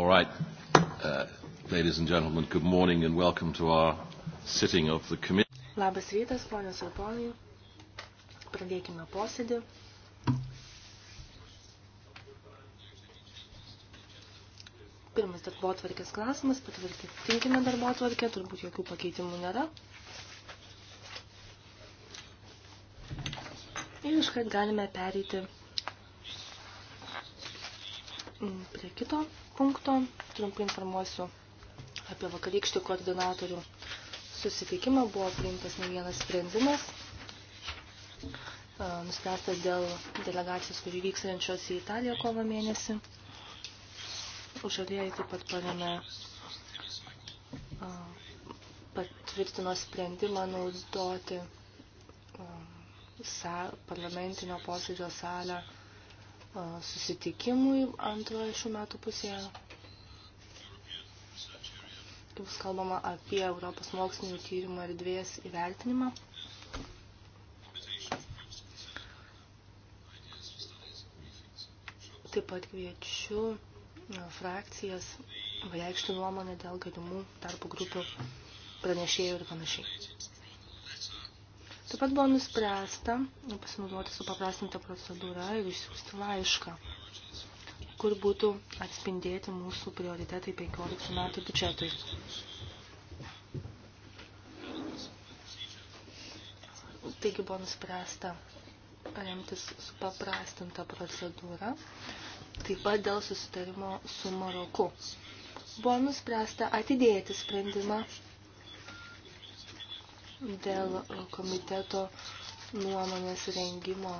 All right, uh, ladies and gentlemen, good morning and welcome to our sitting of the committee. Labas rytas, ponios ir ponai. Pradėkime posėdį. Pirmas darbo atvarkės klausimas, patvirtinkime darbo atvarkę, turbūt jokių pakeitimų nėra. Ir iškart galime pereiti prie kito punkto. Trumpai informuosiu apie vakarykštį koordinatorių susitikimą. Buvo priimtas ne vienas sprendimas. Nuspręsta dėl delegacijos, kuri vyksančios į Italiją kovo mėnesį. Žalieji taip pat paremė patvirtino sprendimą naudoti parlamentinio posėdžio salę susitikimui antroje šių metų pusėje. Bus kalbama apie Europos mokslinių tyrimų erdvės įvertinimą. Taip pat kviečiu frakcijas reikšti nuomonę dėl galimų darbo grupių pranešėjų ir panašiai. Taip pat buvo nuspręsta pasinaudoti su paprastinta procedūra ir išsiųsti laišką, kur būtų atspindėti mūsų prioritetai 15 metų biudžetui. Taigi buvo nuspręsta remtis su paprastinta procedūra, taip pat dėl susitarimo su Maroku. Buvo nuspręsta atidėti sprendimą dėl e, komiteto nuomonės rengimo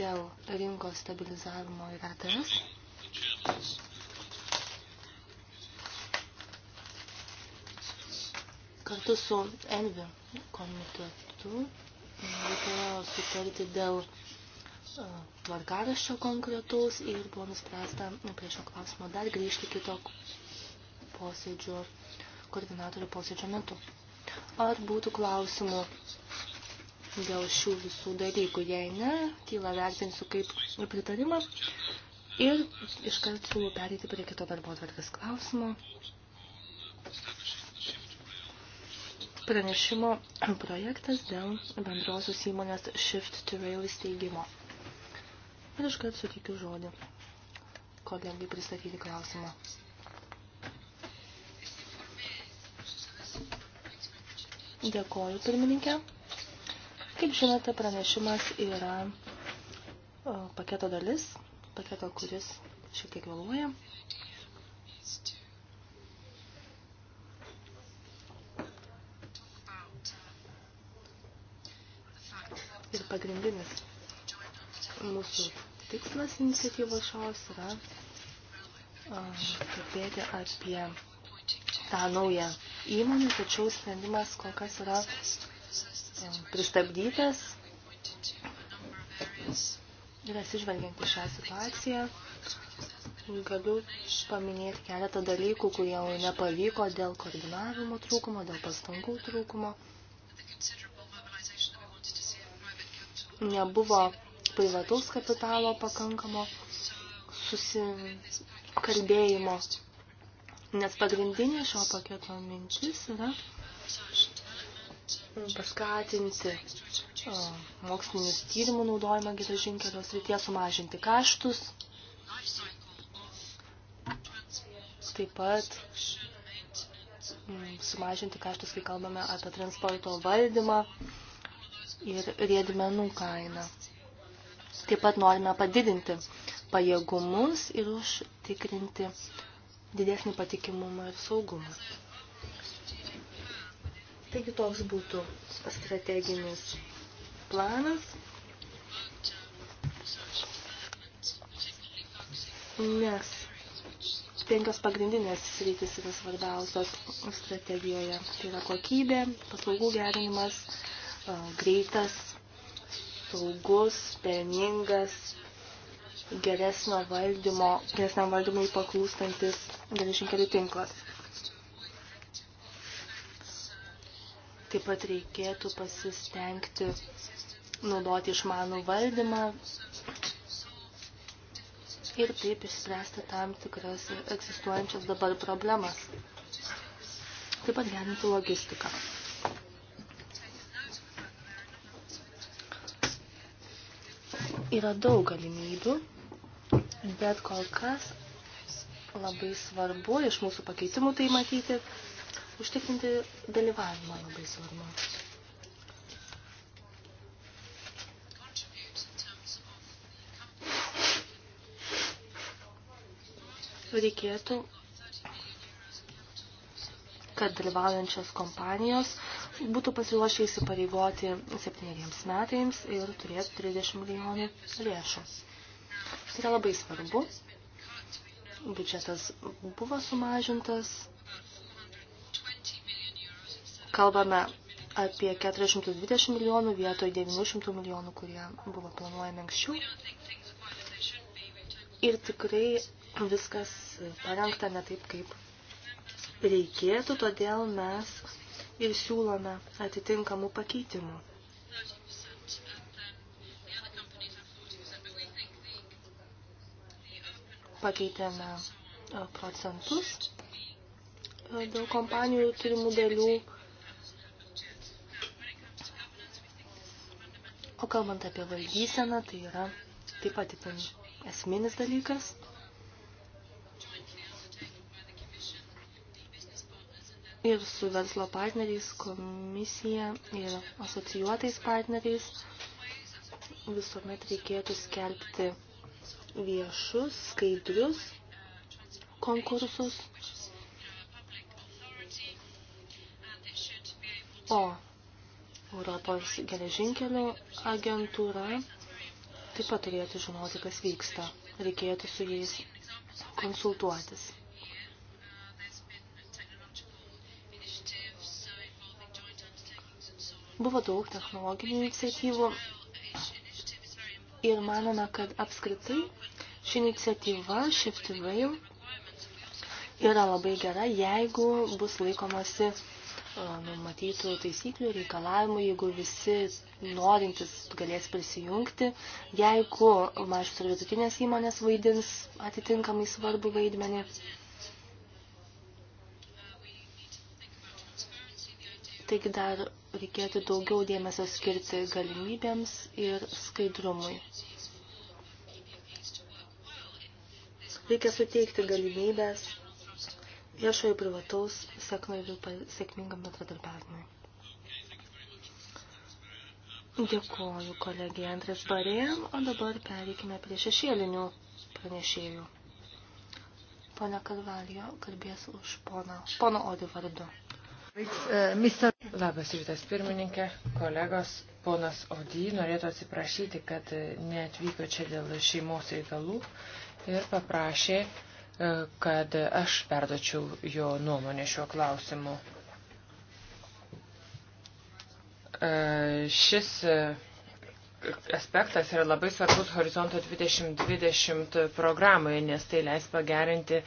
dėl rinkos stabilizavimo ir ATS. Kartu su Envi komitetu reikėjo sutarti dėl e, tvarkaraščio konkretaus ir buvo nuspręsta prie šio klausimo dar grįžti kito posėdžio, koordinatorių posėdžio metu. Ar būtų klausimų dėl šių visų dalykų? Jei ne, tylą vertinsiu kaip pritarimą. Ir iškart siūlau pereiti prie kito darbo atvarkės klausimo. Pranešimo projektas dėl bendrosios įmonės Shift to Rail įsteigimo. Ir iškart sutikiu žodį kolegai pristatyti klausimą. Dėkoju, pirmininkė. Kaip žinote, pranešimas yra paketo dalis, paketo, kuris šiek tiek vėluoja. Ir pagrindinis mūsų tikslas iniciatyvos šios yra kalbėti apie tą naują įmonių, tačiau sprendimas kol kas yra e, pristabdytas. Ir atsižvelgiant į šią situaciją, galiu paminėti keletą dalykų, kurie nepavyko dėl koordinavimo trūkumo, dėl pastangų trūkumo. Nebuvo privataus kapitalo pakankamo susikalbėjimo Nes pagrindinė šio paketo mintis yra mm, paskatinti o, mokslinius tyrimų naudojimą geležinkelio srityje, sumažinti kaštus, taip pat mm, sumažinti kaštus, kai kalbame apie transporto valdymą ir riedmenų kainą. Taip pat norime padidinti pajėgumus ir užtikrinti didesnį patikimumą ir saugumą. Taigi toks būtų strateginis planas. Nes penkios pagrindinės sritis yra svarbiausios strategijoje. Tai yra kokybė, paslaugų gerinimas, greitas, saugus, pelningas geresnio valdymo, geresniam valdymui paklūstantis geležinkelių tinklas. Taip pat reikėtų pasistengti naudoti išmanų valdymą ir taip išspręsti tam tikras egzistuojančias dabar problemas. Taip pat gerinti logistiką. Yra daug galimybių Bet kol kas labai svarbu, iš mūsų pakeitimų tai matyti, užtikrinti dalyvavimą labai svarbu. Reikėtų, kad dalyvaujančios kompanijos būtų pasiruošę įsipareigoti septyneriems metams ir turėtų 30 milijonų lėšų. Tai yra labai svarbu. Biudžetas buvo sumažintas. Kalbame apie 420 milijonų vietoj 900 milijonų, kurie buvo planuojami anksčiau. Ir tikrai viskas parengta ne taip, kaip reikėtų, todėl mes ir siūlome atitinkamų pakeitimų. pakeitėme procentus dėl kompanijų turimų dalių. O kalbant apie valdyseną, tai yra taip pat itin esminis dalykas. Ir su verslo partneriais, komisija ir asocijuotais partneriais visuomet reikėtų skelbti viešus, skaidrius konkursus. O Europos geležinkelių agentūra taip pat turėtų žinoti, kas vyksta. Reikėtų su jais konsultuotis. Buvo daug technologinių iniciatyvų ir manome, kad apskritai Ši iniciatyva Shift Rail yra labai gera, jeigu bus laikomasi numatytų taisyklių, reikalavimų, jeigu visi norintis galės prisijungti, jeigu mažos ir vidutinės įmonės vaidins atitinkamai svarbu vaidmenį. Taigi dar reikėtų daugiau dėmesio skirti galimybėms ir skaidrumui. Reikia suteikti galimybės viešojo privataus sėkmingam bendradarbiavimui. Dėkuoju kolegijai Andrės Barė, o dabar pereikime prie šešėlinių pranešėjų. Pone Kalvalijo kalbės už pono, pono Odi vardu. Labas rytas pirmininkė, kolegos, ponas Odi norėtų atsiprašyti, kad neatvyko čia dėl šeimos reikalų ir paprašė, e, kad aš perdočiau jo nuomonę šiuo klausimu. E, šis e, aspektas yra labai svarbus Horizonto 2020 programoje, nes tai leis pagerinti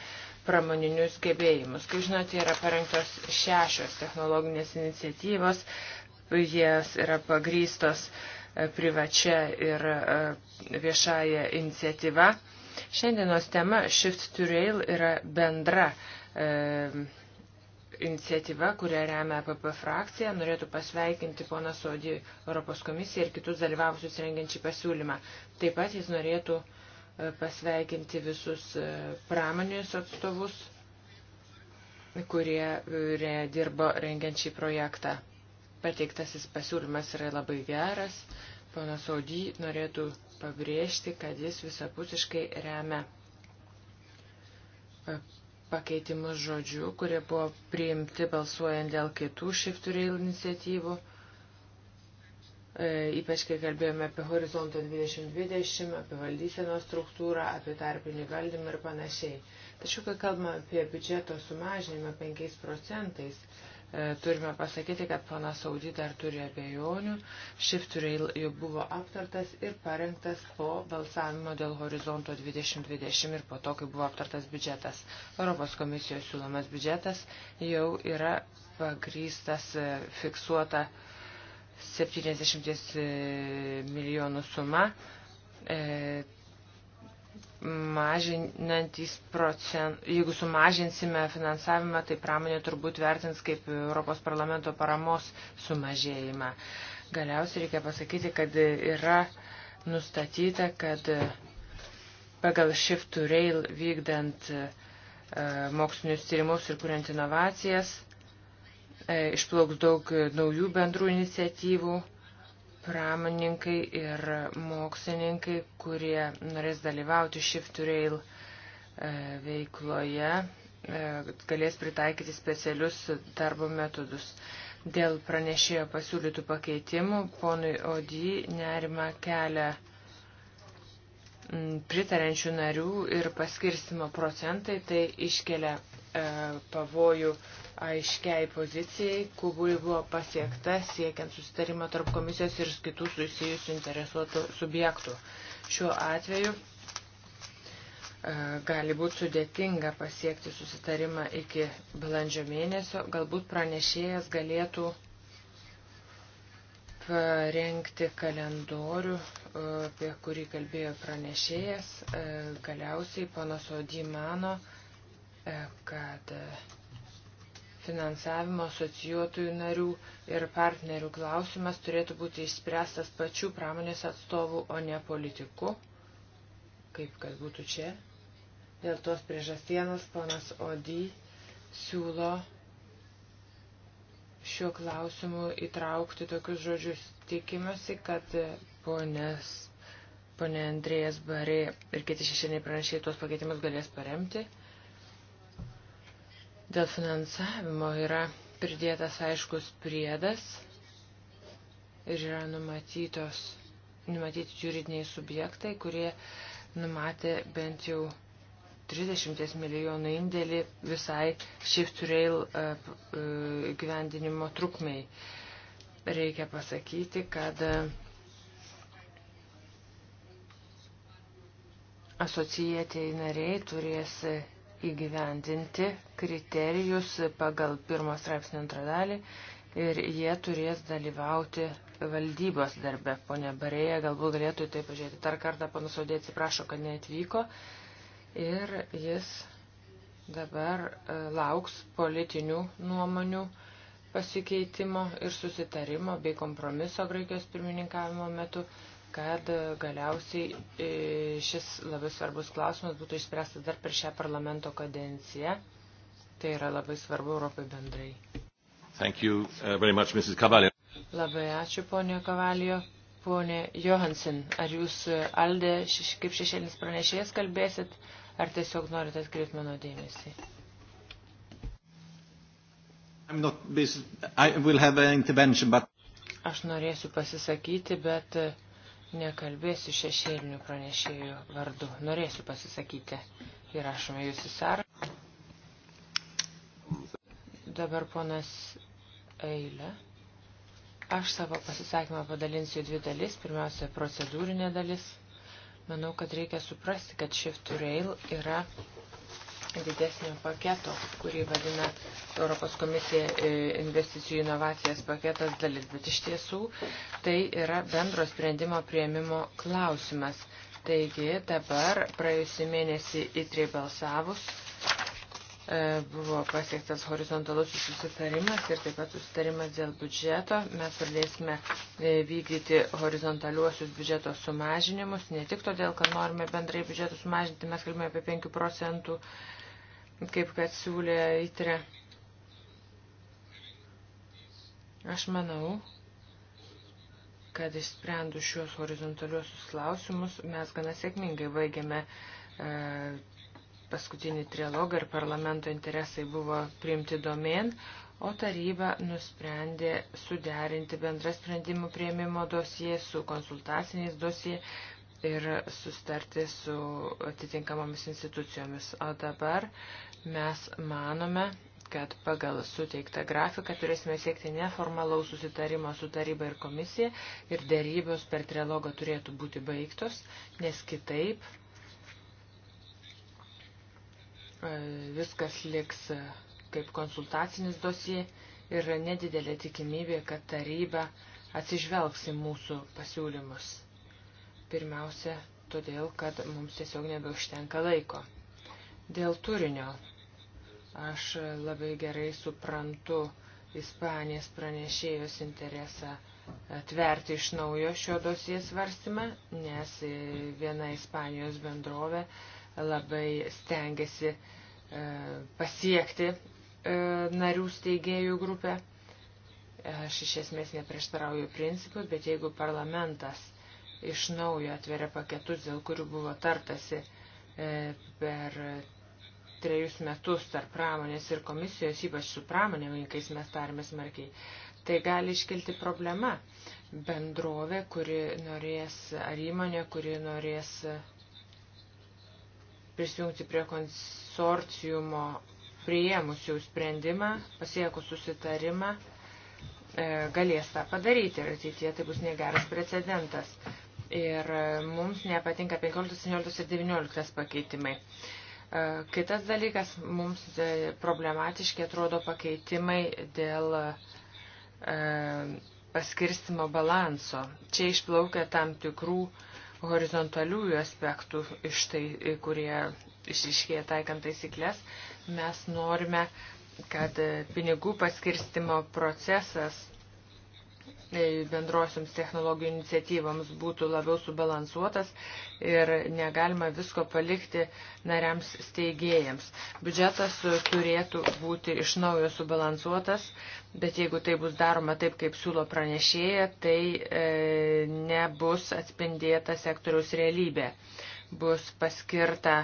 pramoninius gebėjimus. Kaip žinote, yra parengtos šešios technologinės iniciatyvos, jas yra pagrystos privačia ir viešaja iniciatyva. Šiandienos tema Shift to Rail yra bendra e, iniciatyva, kurią remia APP frakcija. Norėtų pasveikinti poną Sodį Europos komisiją ir kitus dalyvavusius rengiančiai pasiūlymą. Taip pat jis norėtų e, pasveikinti visus e, pramonės atstovus, kurie e, dirbo rengiančiai projektą. Pateiktasis pasiūlymas yra labai geras. Ponas Audy norėtų pabrėžti, kad jis visapusiškai remia e, pakeitimus žodžių, kurie buvo priimti balsuojant dėl kitų šifturėl iniciatyvų, e, ypač kai kalbėjome apie horizontą 2020, apie valdysenos struktūrą, apie tarpinį valdymą ir panašiai. Tačiau, kai kalbame apie biudžeto sumažinimą 5 procentais, E, turime pasakyti, kad panas Saudi dar turi abejonių. Šif jau buvo aptartas ir parengtas po balsavimo dėl horizonto 2020 ir po to, kai buvo aptartas biudžetas. Europos komisijos siūlomas biudžetas jau yra pagrystas e, fiksuota 70 e, milijonų suma mažinantys procent, jeigu sumažinsime finansavimą, tai pramonė turbūt vertins kaip Europos parlamento paramos sumažėjimą. Galiausiai reikia pasakyti, kad yra nustatyta, kad pagal Shift to Rail vykdant e, mokslinius tyrimus ir kuriant inovacijas, e, išplauks daug naujų bendrų iniciatyvų pramoninkai ir mokslininkai, kurie norės dalyvauti Shift to Rail e, veikloje, e, galės pritaikyti specialius darbo metodus. Dėl pranešėjo pasiūlytų pakeitimų, ponui Odį nerima kelia pritarančių narių ir paskirstimo procentai, tai iškelia e, pavojų aiškiai pozicijai, kuri buvo pasiekta siekiant susitarimo tarp komisijos ir kitų susijusių interesuotų subjektų. Šiuo atveju e, gali būti sudėtinga pasiekti susitarimą iki balandžio mėnesio. Galbūt pranešėjas galėtų parengti kalendorių, e, apie kurį kalbėjo pranešėjas. E, galiausiai ponas Odį mano, e, kad e, finansavimo asocijuotųjų narių ir partnerių klausimas turėtų būti išspręstas pačių pramonės atstovų, o ne politikų, kaip kad būtų čia. Dėl tos priežastienos ponas Odį siūlo šiuo klausimu įtraukti tokius žodžius. Tikimasi, kad ponės, ponė Andrėjas Barė ir kiti šešiniai pranešiai tuos pakeitimus galės paremti. Dėl finansavimo yra pridėtas aiškus priedas ir yra numatytos, numatyti juridiniai subjektai, kurie numatė bent jau 30 milijonų indėlį visai Shift Rail e, e, gyvendinimo trukmiai. Reikia pasakyti, kad e, asocijetieji nariai turės įgyvendinti kriterijus pagal pirmos straipsnio antrą dalį ir jie turės dalyvauti valdybos darbe. Pone Barėja, galbūt galėtų tai pažiūrėti. Dar kartą panusodė atsiprašo, kad neatvyko. Ir jis dabar e, lauks politinių nuomonių pasikeitimo ir susitarimo bei kompromiso Graikijos pirmininkavimo metu kad e, galiausiai e, šis labai svarbus klausimas būtų išspręstas dar per šią parlamento kadenciją. Tai yra labai svarbu Europai bendrai. Thank you uh, very much, Mrs. Cavalio. Labai ačiū, ponė Kavalio. Ponė Johansen, ar jūs e, Aldė kaip šešėlinis pranešėjas kalbėsit, ar tiesiog norite atkreipti mano dėmesį? Not, I will have an intervention, but... Aš norėsiu pasisakyti, bet uh, Nekalbėsiu šešėlinių pranešėjų vardu. Norėsiu pasisakyti. Įrašome jūs į sąrašą. Dabar ponas Eilė. Aš savo pasisakymą padalinsiu dvi dalis. Pirmiausia, procedūrinė dalis. Manau, kad reikia suprasti, kad Shift to Rail yra didesnio paketo, kurį vadina Europos komisija e, investicijų inovacijas paketas dalis, bet iš tiesų tai yra bendro sprendimo prieimimo klausimas. Taigi dabar praėjusį mėnesį įtrei balsavus e, buvo pasiektas horizontalus susitarimas ir taip pat susitarimas dėl biudžeto. Mes pradėsime e, vykdyti horizontaliuosius biudžeto sumažinimus, ne tik todėl, kad norime bendrai biudžeto sumažinti, mes kalbame apie 5 procentų kaip kad siūlė įtre. Aš manau, kad išsprendus šios horizontaliuosius klausimus mes gana sėkmingai baigėme e, paskutinį trilogą ir parlamento interesai buvo priimti domen, o taryba nusprendė suderinti bendrą sprendimų prieimimo dosiją su konsultaciniais dosijai ir sustarti su atitinkamomis institucijomis. O dabar Mes manome, kad pagal suteiktą grafiką turėsime siekti neformalaus susitarimo su taryba ir komisija ir dėrybos per trilogą turėtų būti baigtos, nes kitaip e, viskas liks kaip konsultacinis dosijai ir nedidelė tikimybė, kad taryba atsižvelgs į mūsų pasiūlymus. Pirmiausia, todėl, kad mums tiesiog nebeužtenka laiko. Dėl turinio Aš labai gerai suprantu Ispanijos pranešėjos interesą atverti iš naujo šio dosijos svarstymą, nes viena Ispanijos bendrovė labai stengiasi e, pasiekti e, narių steigėjų grupę. Aš iš esmės neprieštarauju principus, bet jeigu parlamentas iš naujo atveria paketus, dėl kurių buvo tartasi e, per trejus metus tarp pramonės ir komisijos, ypač su pramonėminkais mes tarėme smarkiai, tai gali iškilti problema. Bendrovė, kuri norės, ar įmonė, kuri norės prisijungti prie konsorciumo priėmus jau sprendimą, pasiekus susitarimą, e, galės tą padaryti ir ateityje tai bus negeras precedentas. Ir e, mums nepatinka 15, 17 ir 19 pakeitimai. E, kitas dalykas, mums e, problematiški atrodo pakeitimai dėl e, paskirstimo balanso. Čia išplaukia tam tikrų horizontaliųjų aspektų, iš tai, kurie išiškėja taikant taisyklės. Mes norime, kad pinigų paskirstimo procesas E, bendrosioms technologijų iniciatyvams būtų labiau subalansuotas ir negalima visko palikti nariams steigėjams. Biudžetas turėtų būti iš naujo subalansuotas, bet jeigu tai bus daroma taip, kaip siūlo pranešėja, tai e, nebus atspindėta sektoriaus realybė. Bus paskirta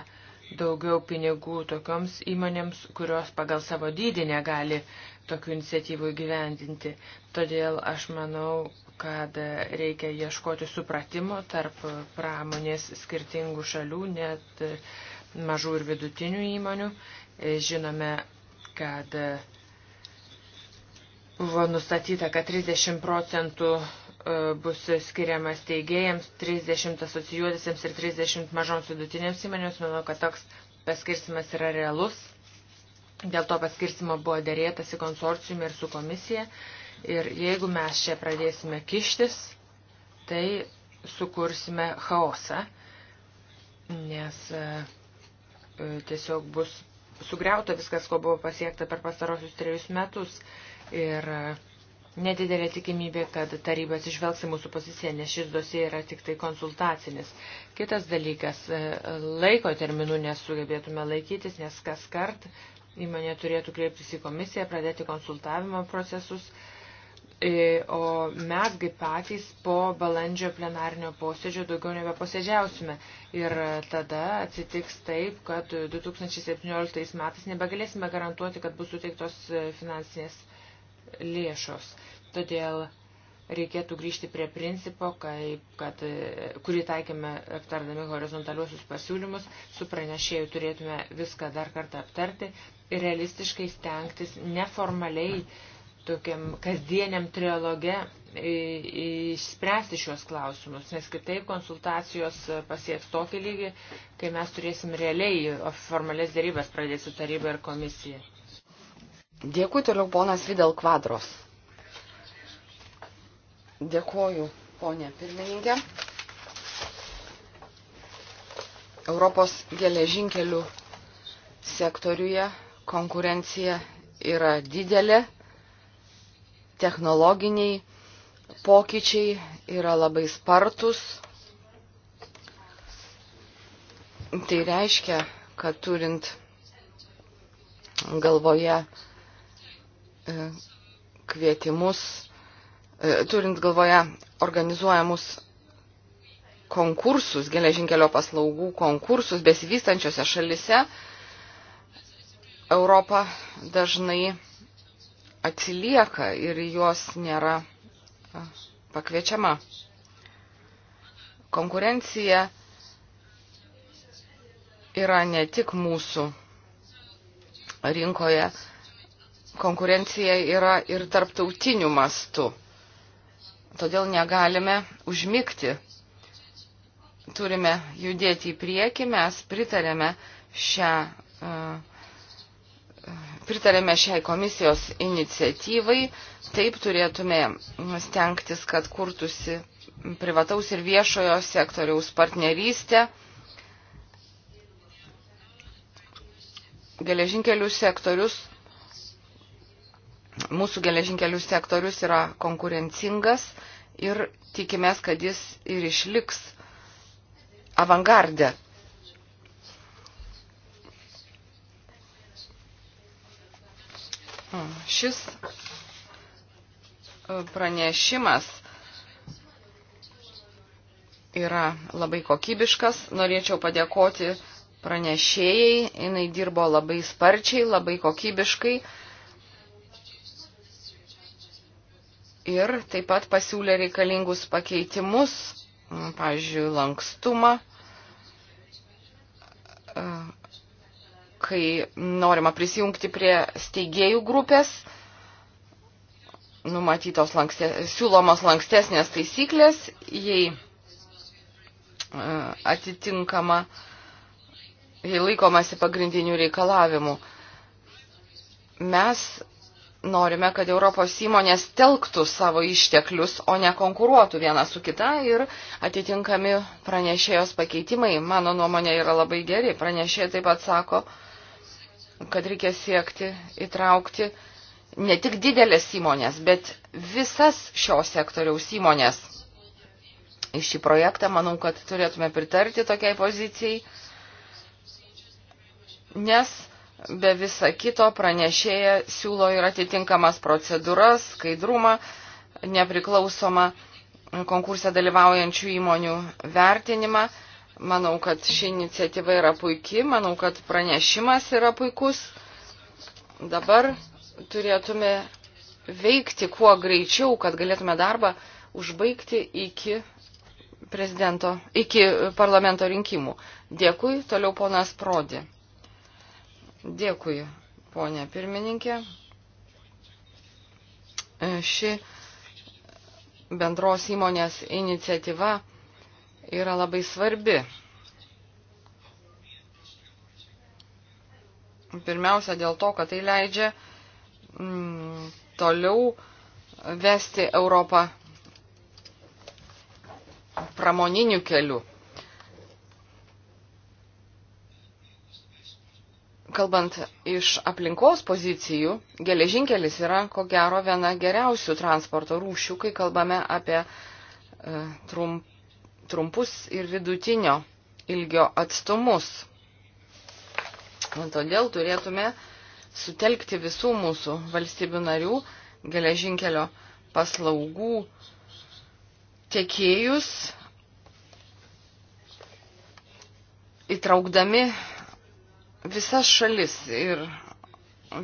daugiau pinigų tokioms įmonėms, kurios pagal savo dydį negali tokių iniciatyvų įgyvendinti. Todėl aš manau, kad reikia ieškoti supratimo tarp pramonės skirtingų šalių, net mažų ir vidutinių įmonių. Žinome, kad buvo nustatyta, kad 30 procentų e, bus skiriamas teigėjams, 30 asocijuotisiams ir 30 mažoms vidutinėms įmonėms. Manau, kad toks paskirstimas yra realus Dėl to paskirstimo buvo dėrėtasi konsorciumi ir su komisija. Ir jeigu mes čia pradėsime kištis, tai sukursime chaosą, nes e, e, tiesiog bus sugriauta viskas, ko buvo pasiekta per pastarosius trejus metus. Ir e, nedidelė tikimybė, kad taryba atsižvelgs į mūsų poziciją, nes šis dosija yra tik tai konsultacinis. Kitas dalykas, laiko terminų nesugebėtume laikytis, nes kas kart Įmonė turėtų kreiptis į komisiją, pradėti konsultavimo procesus, e, o mes kaip patys po balandžio plenarnio posėdžio daugiau nebeposėdžiausime. Ir tada atsitiks taip, kad 2017 metais nebegalėsime garantuoti, kad bus suteiktos finansinės lėšos. Todėl reikėtų grįžti prie principo, kaip, kad, kurį taikėme aptardami horizontaliuosius pasiūlymus, su pranešėjų turėtume viską dar kartą aptarti realistiškai stengtis neformaliai tokiam kasdieniam trialoge išspręsti šios klausimus, nes kitaip konsultacijos pasieks tokį lygį, kai mes turėsim realiai formalės dėrybės pradėti su taryba ir komisija. Dėkui toliau ponas Vidal Kvadros. Dėkuoju, ponė pirmininkė. Europos geležinkelių sektoriuje konkurencija yra didelė, technologiniai pokyčiai yra labai spartus. Tai reiškia, kad turint galvoje e, kvietimus, e, turint galvoje organizuojamus konkursus, geležinkelio paslaugų konkursus besivystančiose šalise, Europa dažnai atsilieka ir juos nėra pakviečiama. Konkurencija yra ne tik mūsų rinkoje, konkurencija yra ir tarptautinių mastų. Todėl negalime užmygti. Turime judėti į priekį, mes pritarėme šią uh, pritarėme šiai komisijos iniciatyvai, taip turėtume stengtis, kad kurtusi privataus ir viešojo sektoriaus partnerystė. Geležinkelių sektorius, mūsų geležinkelių sektorius yra konkurencingas ir tikimės, kad jis ir išliks avangardę Šis e, pranešimas yra labai kokybiškas. Norėčiau padėkoti pranešėjai. Jinai dirbo labai sparčiai, labai kokybiškai. Ir taip pat pasiūlė reikalingus pakeitimus, pavyzdžiui, lankstumą e, kai norima prisijungti prie steigėjų grupės, numatytos lankstė, siūlomos lankstesnės taisyklės, jei e, atitinkama, jei laikomasi pagrindinių reikalavimų. Mes norime, kad Europos įmonės telktų savo išteklius, o ne konkuruotų viena su kita ir atitinkami pranešėjos pakeitimai, mano nuomonė, yra labai geri. Pranešėjai taip pat sako, kad reikia siekti įtraukti ne tik didelės įmonės, bet visas šio sektoriaus įmonės. Iš šį projektą manau, kad turėtume pritarti tokiai pozicijai, nes be visa kito pranešėja siūlo ir atitinkamas procedūras, skaidrumą, nepriklausomą konkursą dalyvaujančių įmonių vertinimą Manau, kad ši iniciatyva yra puikia, manau, kad pranešimas yra puikus. Dabar turėtume veikti kuo greičiau, kad galėtume darbą užbaigti iki prezidento, iki parlamento rinkimų. Dėkui, toliau ponas Prodi. Dėkui, ponė pirmininkė. Ši bendros įmonės iniciatyva yra labai svarbi. Pirmiausia dėl to, kad tai leidžia mm, toliau vesti Europą pramoniniu keliu. Kalbant iš aplinkos pozicijų, geležinkelis yra ko gero viena geriausių transporto rūšių, kai kalbame apie e, trump, trumpus ir vidutinio ilgio atstumus. Todėl turėtume sutelkti visų mūsų valstybių narių geležinkelio paslaugų tiekėjus, įtraukdami visas šalis ir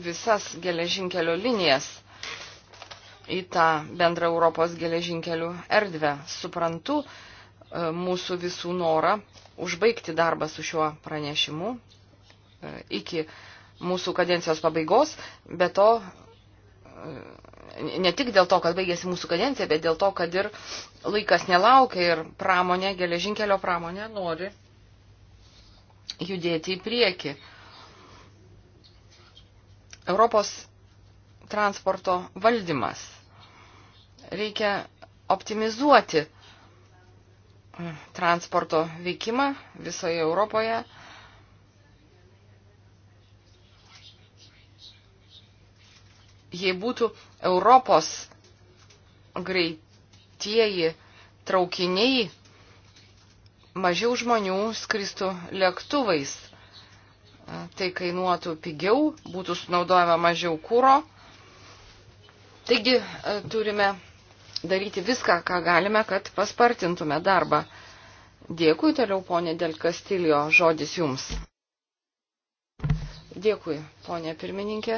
visas geležinkelio linijas į tą bendrą Europos geležinkelių erdvę. Suprantu, E, mūsų visų norą užbaigti darbą su šiuo pranešimu e, iki mūsų kadencijos pabaigos, bet to e, ne tik dėl to, kad baigėsi mūsų kadencija, bet dėl to, kad ir laikas nelaukia ir pramonė, geležinkelio pramonė nori judėti į priekį. Europos transporto valdymas. Reikia optimizuoti uh, transporto veikimą visoje Europoje. Jei būtų Europos greitieji traukiniai, mažiau žmonių skristų lėktuvais. Tai kainuotų pigiau, būtų sunaudojama mažiau kūro. Taigi turime daryti viską, ką galime, kad paspartintume darbą. Dėkui toliau, ponė Del Kastilio, žodis jums. Dėkui, ponė pirmininkė.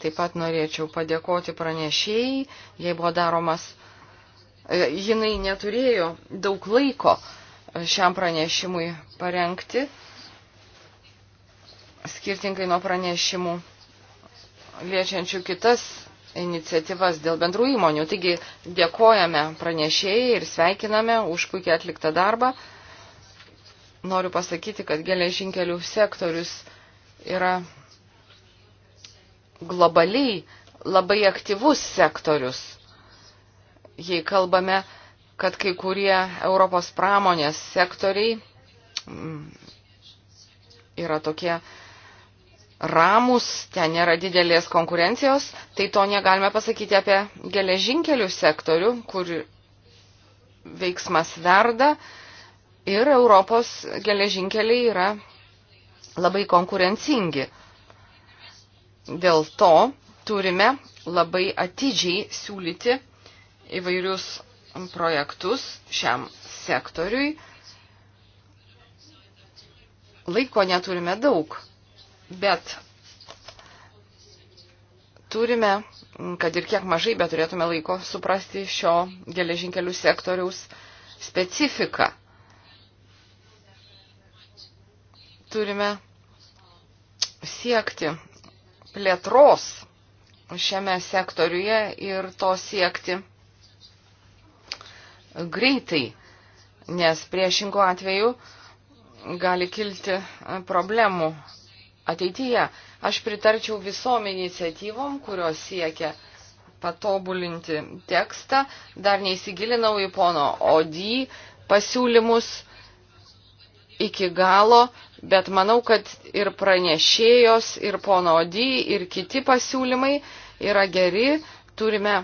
Taip pat norėčiau padėkoti pranešėjai, jei buvo daromas, e, jinai neturėjo daug laiko e, šiam pranešimui parengti, skirtingai nuo pranešimų liečiančių kitas iniciatyvas dėl bendrų įmonių. Taigi dėkojame pranešėjai ir sveikiname už puikiai atliktą darbą. Noriu pasakyti, kad geležinkelių sektorius yra globaliai labai aktyvus sektorius. Jei kalbame, kad kai kurie Europos pramonės sektoriai mm, yra tokie ramus, ten nėra didelės konkurencijos, tai to negalime pasakyti apie geležinkelių sektorių, kur veiksmas verda ir Europos geležinkeliai yra labai konkurencingi. Dėl to turime labai atidžiai siūlyti įvairius projektus šiam sektoriui. Laiko neturime daug. Bet turime, kad ir kiek mažai, bet turėtume laiko suprasti šio geležinkelių sektoriaus specifiką. Turime siekti plėtros šiame sektoriuje ir to siekti greitai, nes priešingų atveju gali kilti problemų ateityje. Aš pritarčiau visom iniciatyvom, kurios siekia patobulinti tekstą. Dar neįsigilinau į pono Odį pasiūlymus iki galo, bet manau, kad ir pranešėjos, ir pono Odį, ir kiti pasiūlymai yra geri. Turime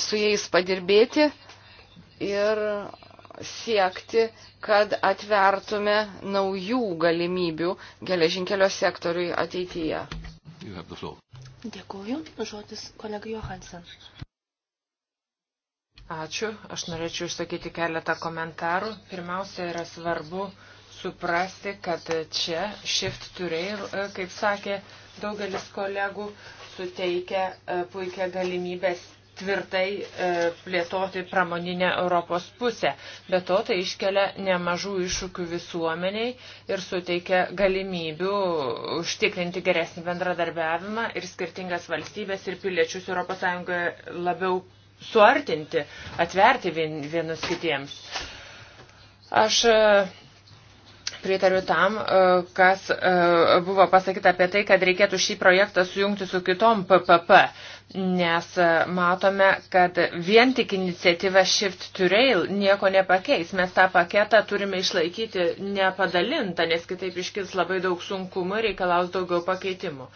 su jais padirbėti ir siekti, kad atvertume naujų galimybių geležinkelio sektoriui ateityje. Dėkuoju. Žodis kolega Johansen. Ačiū. Aš norėčiau išsakyti keletą komentarų. Pirmiausia, yra svarbu suprasti, kad čia Shift to Rail, e, kaip sakė daugelis kolegų, suteikia e, puikią galimybę tvirtai e, plėtoti pramoninę Europos pusę. Be to, tai iškelia nemažų iššūkių visuomeniai ir suteikia galimybių užtikrinti geresnį bendradarbiavimą ir skirtingas valstybės ir piliečius ES labiau suartinti, atverti vienus kitiems. Aš e, pritariu tam, e, kas buvo pasakyta apie tai, kad reikėtų šį projektą sujungti su kitom PPP nes e, matome, kad vien tik iniciatyva Shift to Rail nieko nepakeis. Mes tą paketą turime išlaikyti nepadalintą, nes kitaip iškils labai daug sunkumų ir reikalaus daugiau pakeitimų.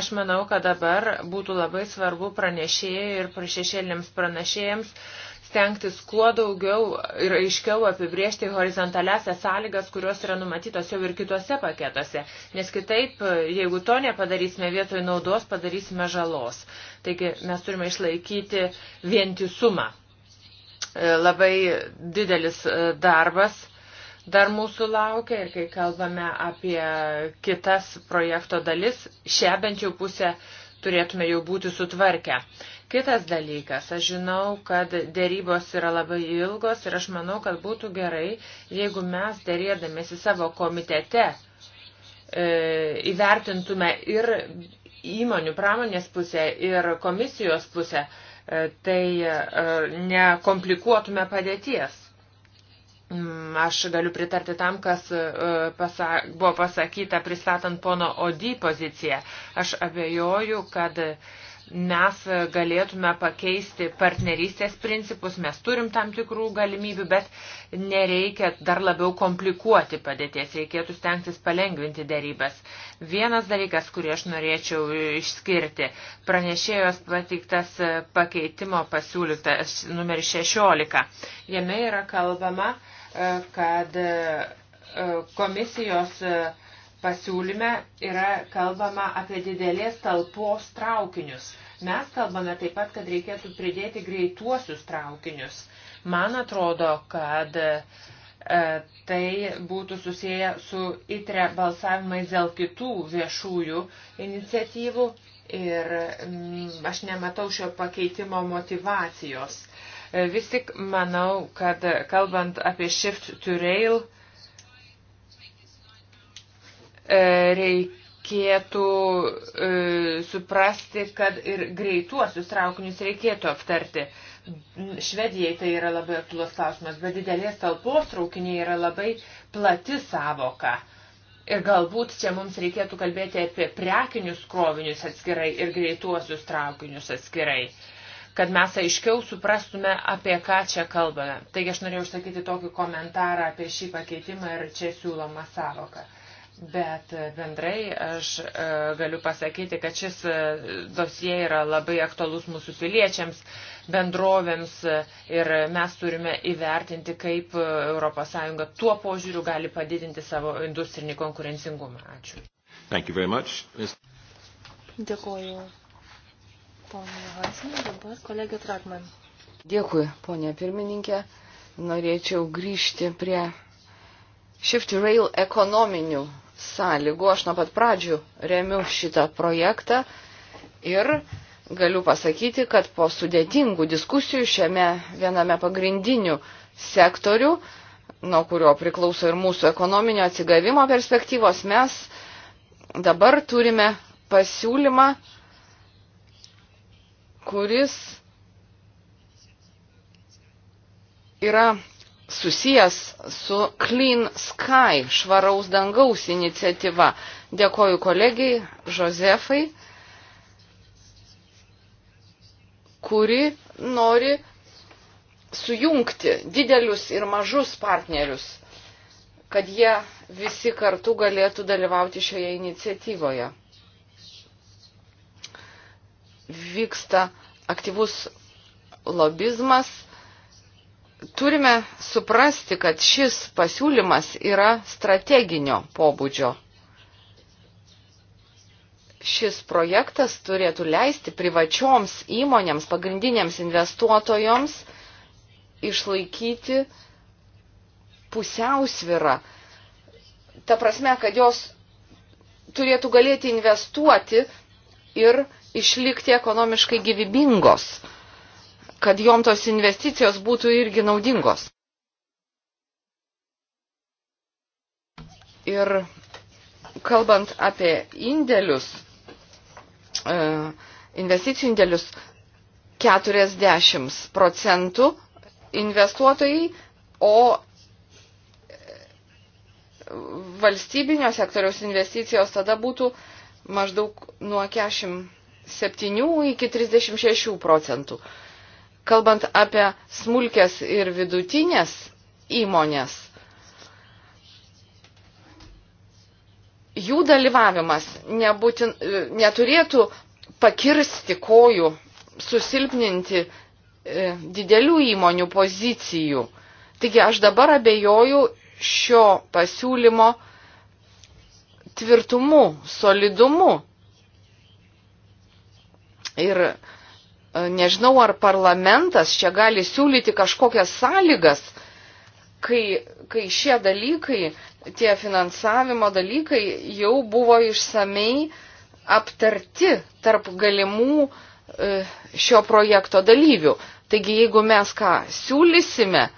Aš manau, kad dabar būtų labai svarbu pranešėjai ir šešėlėms pranašėjams stengtis kuo daugiau ir aiškiau apibriežti horizontalesias sąlygas, kurios yra numatytos jau ir kituose paketuose, nes kitaip, jeigu to nepadarysime vietoj naudos, padarysime žalos. Taigi mes turime išlaikyti vientisumą. E, labai didelis e, darbas dar mūsų laukia ir kai kalbame apie kitas projekto dalis, šią bent jau pusę uh, turėtume jau būti sutvarkę. Kitas dalykas, aš žinau, kad dėrybos yra labai ilgos ir aš manau, kad būtų gerai, jeigu mes dėrėdamėsi savo komitete e, įvertintume ir įmonių pramonės pusę, ir komisijos pusę, e, tai e, nekomplikuotume padėties. Mm, aš galiu pritarti tam, kas e, pasa, buvo pasakyta pristatant pono Odį poziciją. Aš abejoju, kad mes galėtume pakeisti partnerystės principus, mes turim tam tikrų galimybių, bet nereikia dar labiau komplikuoti padėties, reikėtų stengtis palengvinti dėrybas. Vienas dalykas, kurį aš norėčiau išskirti, pranešėjos pateiktas pakeitimo pasiūlytas numeris 16. Jame yra kalbama, kad e, komisijos e, pasiūlyme yra kalbama apie didelės talpos traukinius. Mes kalbame taip pat, kad reikėtų pridėti greituosius traukinius. Man atrodo, kad e, tai būtų susiję su itre balsavimais dėl kitų viešųjų iniciatyvų ir m, mm, aš nematau šio pakeitimo motivacijos. E, vis tik manau, kad kalbant apie shift to rail, e, reikėtų e, suprasti, kad ir greituosius traukinius reikėtų aptarti. Švedijai tai yra labai aktuolus klausimas, bet didelės talpos traukiniai yra labai plati savoka. Ir galbūt čia mums reikėtų kalbėti apie prekinius krovinius atskirai ir greituosius traukinius atskirai. Uh, kad mes aiškiau suprastume, apie ką čia kalbame. Taigi aš norėjau išsakyti tokį komentarą apie šį pakeitimą ir čia siūlomą savoką. Bet e, bendrai aš e, galiu pasakyti, kad šis e, dosie yra labai aktualus mūsų piliečiams, bendrovėms ir mes turime įvertinti, kaip ES tuo požiūriu gali padidinti savo industrinį konkurencingumą. Ačiū. Thank you very much. Dėkoju ponė Hansman, dabar kolegė Trakman. Dėkui, ponė pirmininkė. Norėčiau grįžti prie Shift Rail ekonominių sąlygų. Aš nuo pat pradžių remiu šitą projektą ir galiu pasakyti, kad po sudėtingų diskusijų šiame viename pagrindinių sektorių, nuo kurio priklauso ir mūsų ekonominio atsigavimo perspektyvos, mes dabar turime pasiūlymą kuris yra susijęs su Clean Sky švaraus dangaus iniciatyva. Dėkoju kolegijai Josefai, kuri nori sujungti didelius ir mažus partnerius, kad jie visi kartu galėtų dalyvauti šioje iniciatyvoje vyksta aktyvus lobizmas. Turime suprasti, kad šis pasiūlymas yra strateginio pobūdžio. Šis projektas turėtų leisti privačioms įmonėms, pagrindinėms investuotojoms išlaikyti pusiausvirą. Ta prasme, kad jos turėtų galėti investuoti ir išlikti ekonomiškai gyvybingos, kad jom tos investicijos būtų irgi naudingos. Ir kalbant apie indėlius, e, investicijų indėlius, 40 procentų investuotojai, o e, valstybinio sektoriaus investicijos tada būtų maždaug nuo 47 iki 36 procentų. Kalbant apie smulkės ir vidutinės įmonės, jų dalyvavimas nebūtin, neturėtų pakirsti kojų, susilpninti e, didelių įmonių pozicijų. Taigi aš dabar abejoju šio pasiūlymo tvirtumu, solidumu. Ir e, nežinau, ar parlamentas čia gali siūlyti kažkokias sąlygas, kai, kai šie dalykai, tie finansavimo dalykai jau buvo išsamei aptarti tarp galimų e, šio projekto dalyvių. Taigi, jeigu mes ką siūlysime,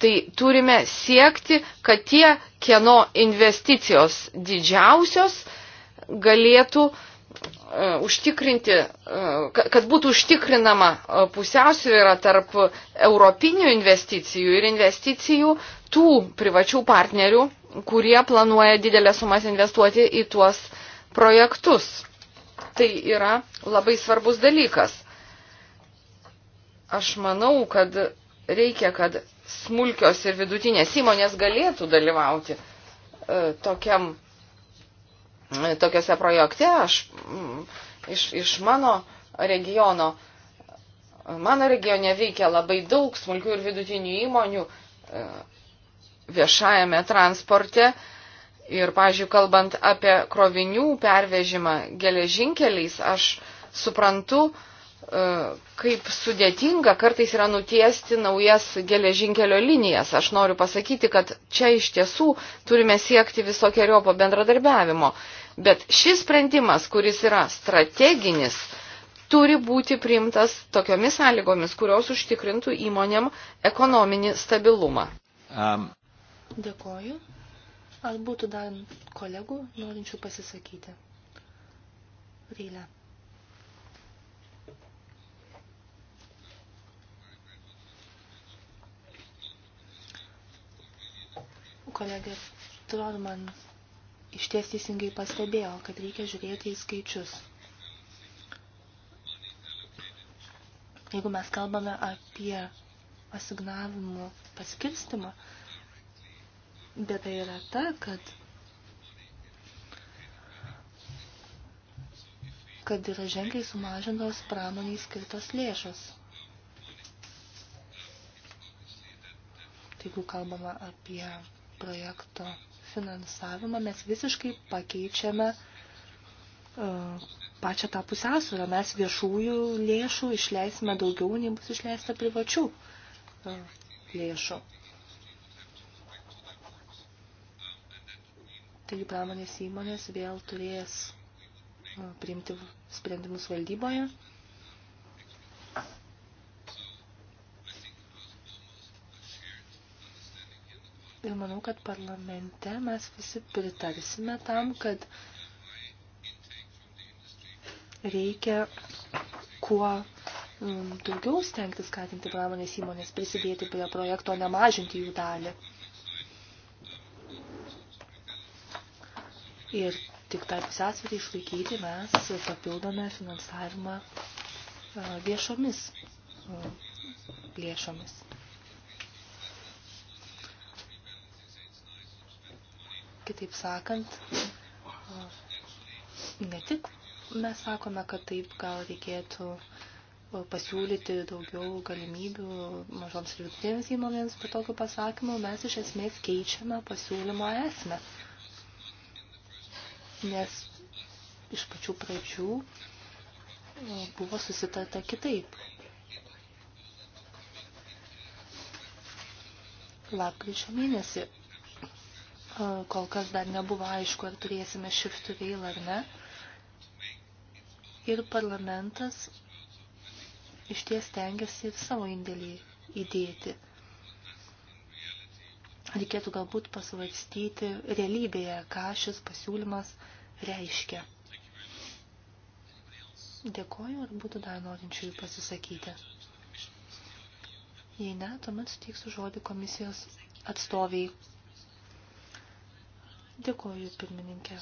tai turime siekti, kad tie, kieno investicijos didžiausios, galėtų e, užtikrinti, e, kad būtų užtikrinama e, pusiausvyrą tarp europinių investicijų ir investicijų tų privačių partnerių, kurie planuoja didelę sumas investuoti į tuos projektus. Tai yra labai svarbus dalykas. Aš manau, kad reikia, kad smulkios ir vidutinės įmonės galėtų dalyvauti e, tokiam, e, tokiuose projekte. Aš mm, iš, iš mano regiono, mano regione veikia labai daug smulkių ir vidutinių įmonių e, viešajame transporte. Ir, pažiūrėjau, kalbant apie krovinių pervežimą geležinkeliais, aš suprantu, uh, E, kaip sudėtinga kartais yra nutiesti naujas geležinkelio linijas. Aš noriu pasakyti, kad čia iš tiesų turime siekti visokiojopo bendradarbiavimo. Bet šis sprendimas, kuris yra strateginis, turi būti priimtas tokiomis sąlygomis, kurios užtikrintų įmonėm ekonominį stabilumą. Um. Dėkoju. Ar būtų dar kolegų norinčių pasisakyti? Rylė. Kolegė Trolman iš ties teisingai pastebėjo, kad reikia žiūrėti į skaičius. Jeigu mes kalbame apie asignavimų paskirstimą, bėda tai yra ta, kad kad yra ženkliai sumažintos pramoniai skirtos lėšos. Tai jeigu kalbama apie projekto finansavimą, mes visiškai pakeičiame e, pačią tą pusiausvyrą. Mes viešųjų lėšų išleisime daugiau, nei bus išleista privačių e, lėšų. Taigi pramonės įmonės vėl turės e, priimti sprendimus valdyboje ir manau, kad parlamente mes visi pritarsime tam, kad reikia kuo mm, daugiau stengtis skatinti pramonės įmonės prisidėti prie projekto, nemažinti jų dalį. Ir tik tą pusiausvyrį išlaikyti mes papildome finansavimą viešomis lėšomis. Kitaip sakant, ne tik mes sakome, kad taip gal reikėtų pasiūlyti daugiau galimybių mažoms ir vidutinėms įmonėms, bet tokiu pasakymu mes iš esmės keičiame pasiūlymo esmę. Nes iš pačių pradžių e, buvo susitarta kitaip. Lapkričio mėnesį kol kas dar nebuvo aišku, ar turėsime shift to rail ar ne. Ir parlamentas iš ties tengiasi ir savo indėlį įdėti. Reikėtų galbūt pasvarstyti realybėje, ką šis pasiūlymas reiškia. Dėkoju, ar būtų dar norinčių pasisakyti. Jei ne, tuomet suteiksiu žodį komisijos atstoviai. Dėkoju, pirmininkė.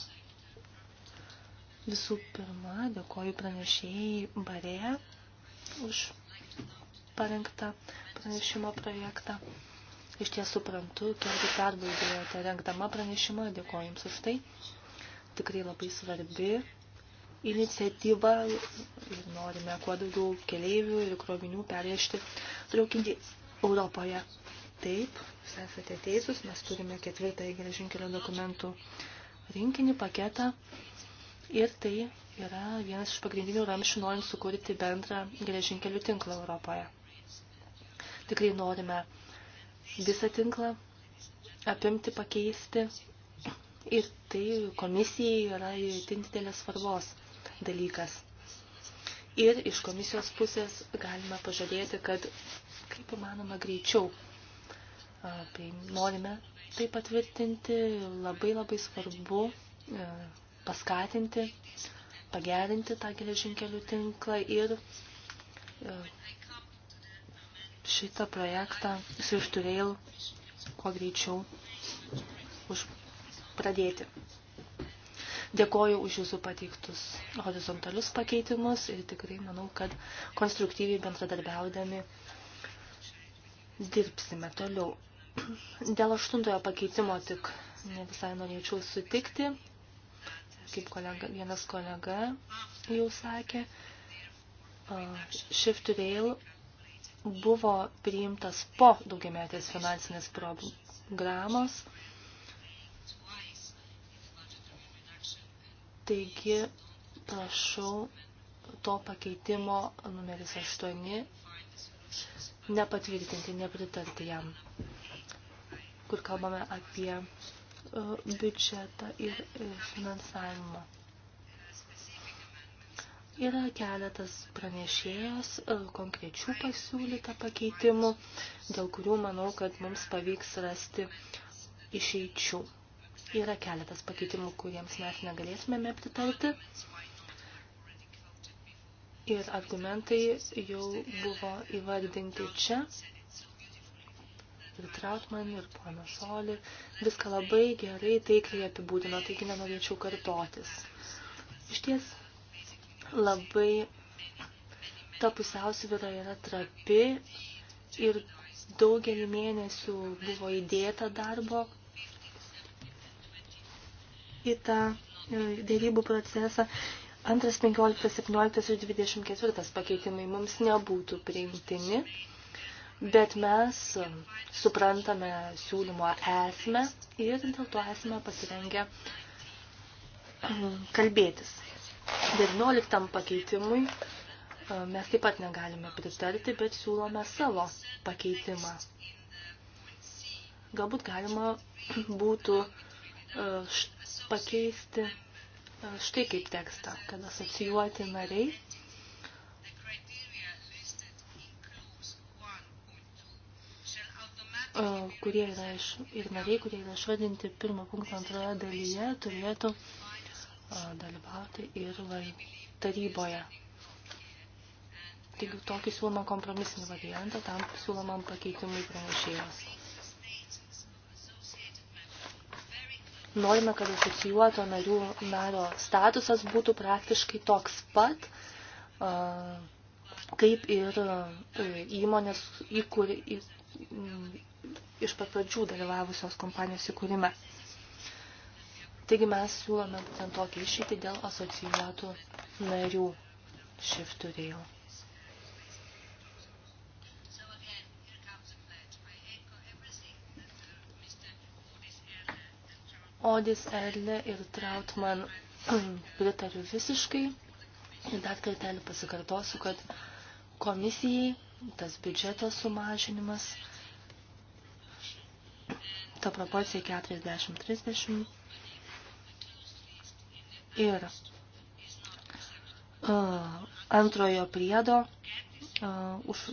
Visų pirma, dėkoju pranešėjai Barė už parengtą pranešimo projektą. Iš ties suprantu, kiek jūs darbo įdėjote rengdama pranešimą, dėkoju jums už tai. Tikrai labai svarbi iniciatyva ir norime kuo daugiau keleivių ir krovinių pervežti traukinį Europoje. Taip, jūs esate teisūs, mes turime ketvirtąjį geležinkelio dokumentų rinkinį, paketą. Ir tai yra vienas iš pagrindinių ramšių, norint sukurti bendrą geležinkelių tinklą Europoje. Tikrai norime visą tinklą apimti, pakeisti. Ir tai komisijai yra įtin didelės svarbos dalykas. Ir iš komisijos pusės galime pažadėti, kad kaip įmanoma greičiau tai norime tai patvirtinti, labai labai svarbu e, paskatinti, pagerinti tą geležinkelių tinklą ir e, šitą projektą Swift2Rail kuo greičiau už pradėti. Dėkoju už jūsų pateiktus horizontalius pakeitimus ir tikrai manau, kad konstruktyviai bendradarbiaudami dirbsime toliau. Dėl aštuntojo pakeitimo tik ne visai norėčiau sutikti, kaip kolega, vienas kolega jau sakė, Shift to Rail buvo priimtas po daugiametės finansinės programos. Taigi, prašau to pakeitimo numeris 8 nepatvirtinti, nepritarti jam, kur kalbame apie e, biudžetą ir e, finansavimą. Yra keletas pranešėjos e, konkrečių pasiūlyta pakeitimų, dėl kurių manau, kad mums pavyks rasti išeičių. Yra keletas pakeitimų, kuriems mes negalėsime pritarti ir argumentai jau buvo įvardinti čia. Ir Trautman, ir pono Soli, viską labai gerai taikliai apibūdino, taigi nenorėčiau kartotis. Iš ties labai ta pusiausvyra yra trapi ir daugelį mėnesių buvo įdėta darbo į tą e, dėrybų procesą Antras, 15, 17 ir 24 pakeitimai mums nebūtų priimtini, bet mes suprantame siūlymo esmę ir dėl to esame pasirengę ehm, kalbėtis. 19 pakeitimui e, mes taip pat negalime pritarti, bet siūlome savo pakeitimą. Galbūt galima būtų e, pakeisti štai kaip tekstą, kad asocijuoti nariai kurie yra iš, ir nariai, kurie yra išvadinti pirmo punkto antroje dalyje, turėtų dalyvauti ir taryboje. Taigi tokį siūlomą kompromisinį variantą tam siūlomam pakeitimui pranešėjos. Norime, kad asocijuoto narių nario statusas būtų praktiškai toks pat, kaip ir įmonės, į kur, į, iš pat pradžių dalyvavusios kompanijos įkūrime. Taigi mes siūlome būtent tokį išeitį dėl asocijuotų narių. Shift turėjau. Odis, Erle ir Trautman pritariu visiškai. Ir dar kartelį pasikartosiu, kad komisijai tas biudžeto sumažinimas, ta proporcija 40-30 ir uh, antrojo priedo uh, už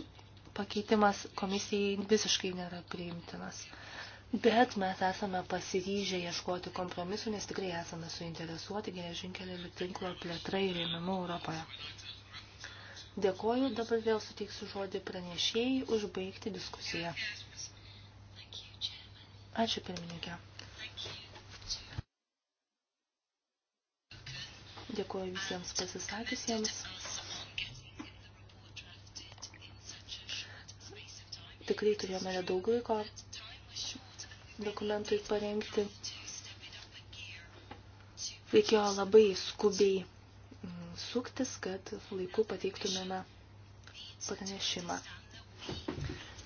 pakeitimas komisijai visiškai nėra priimtinas. Uh, Bet mes esame pasiryžę ieškoti kompromisų, nes tikrai esame suinteresuoti geležinkelių tinklo plėtrai ir rėmimu Europoje. Dėkoju, dabar vėl suteiksiu žodį pranešėjai užbaigti diskusiją. Ačiū pirmininkė. Dėkoju visiems pasisakysiems. Tikrai turėjome nedaug laiko dokumentui parengti. Reikėjo labai skubiai mm, suktis, kad laiku pateiktumėme pranešimą.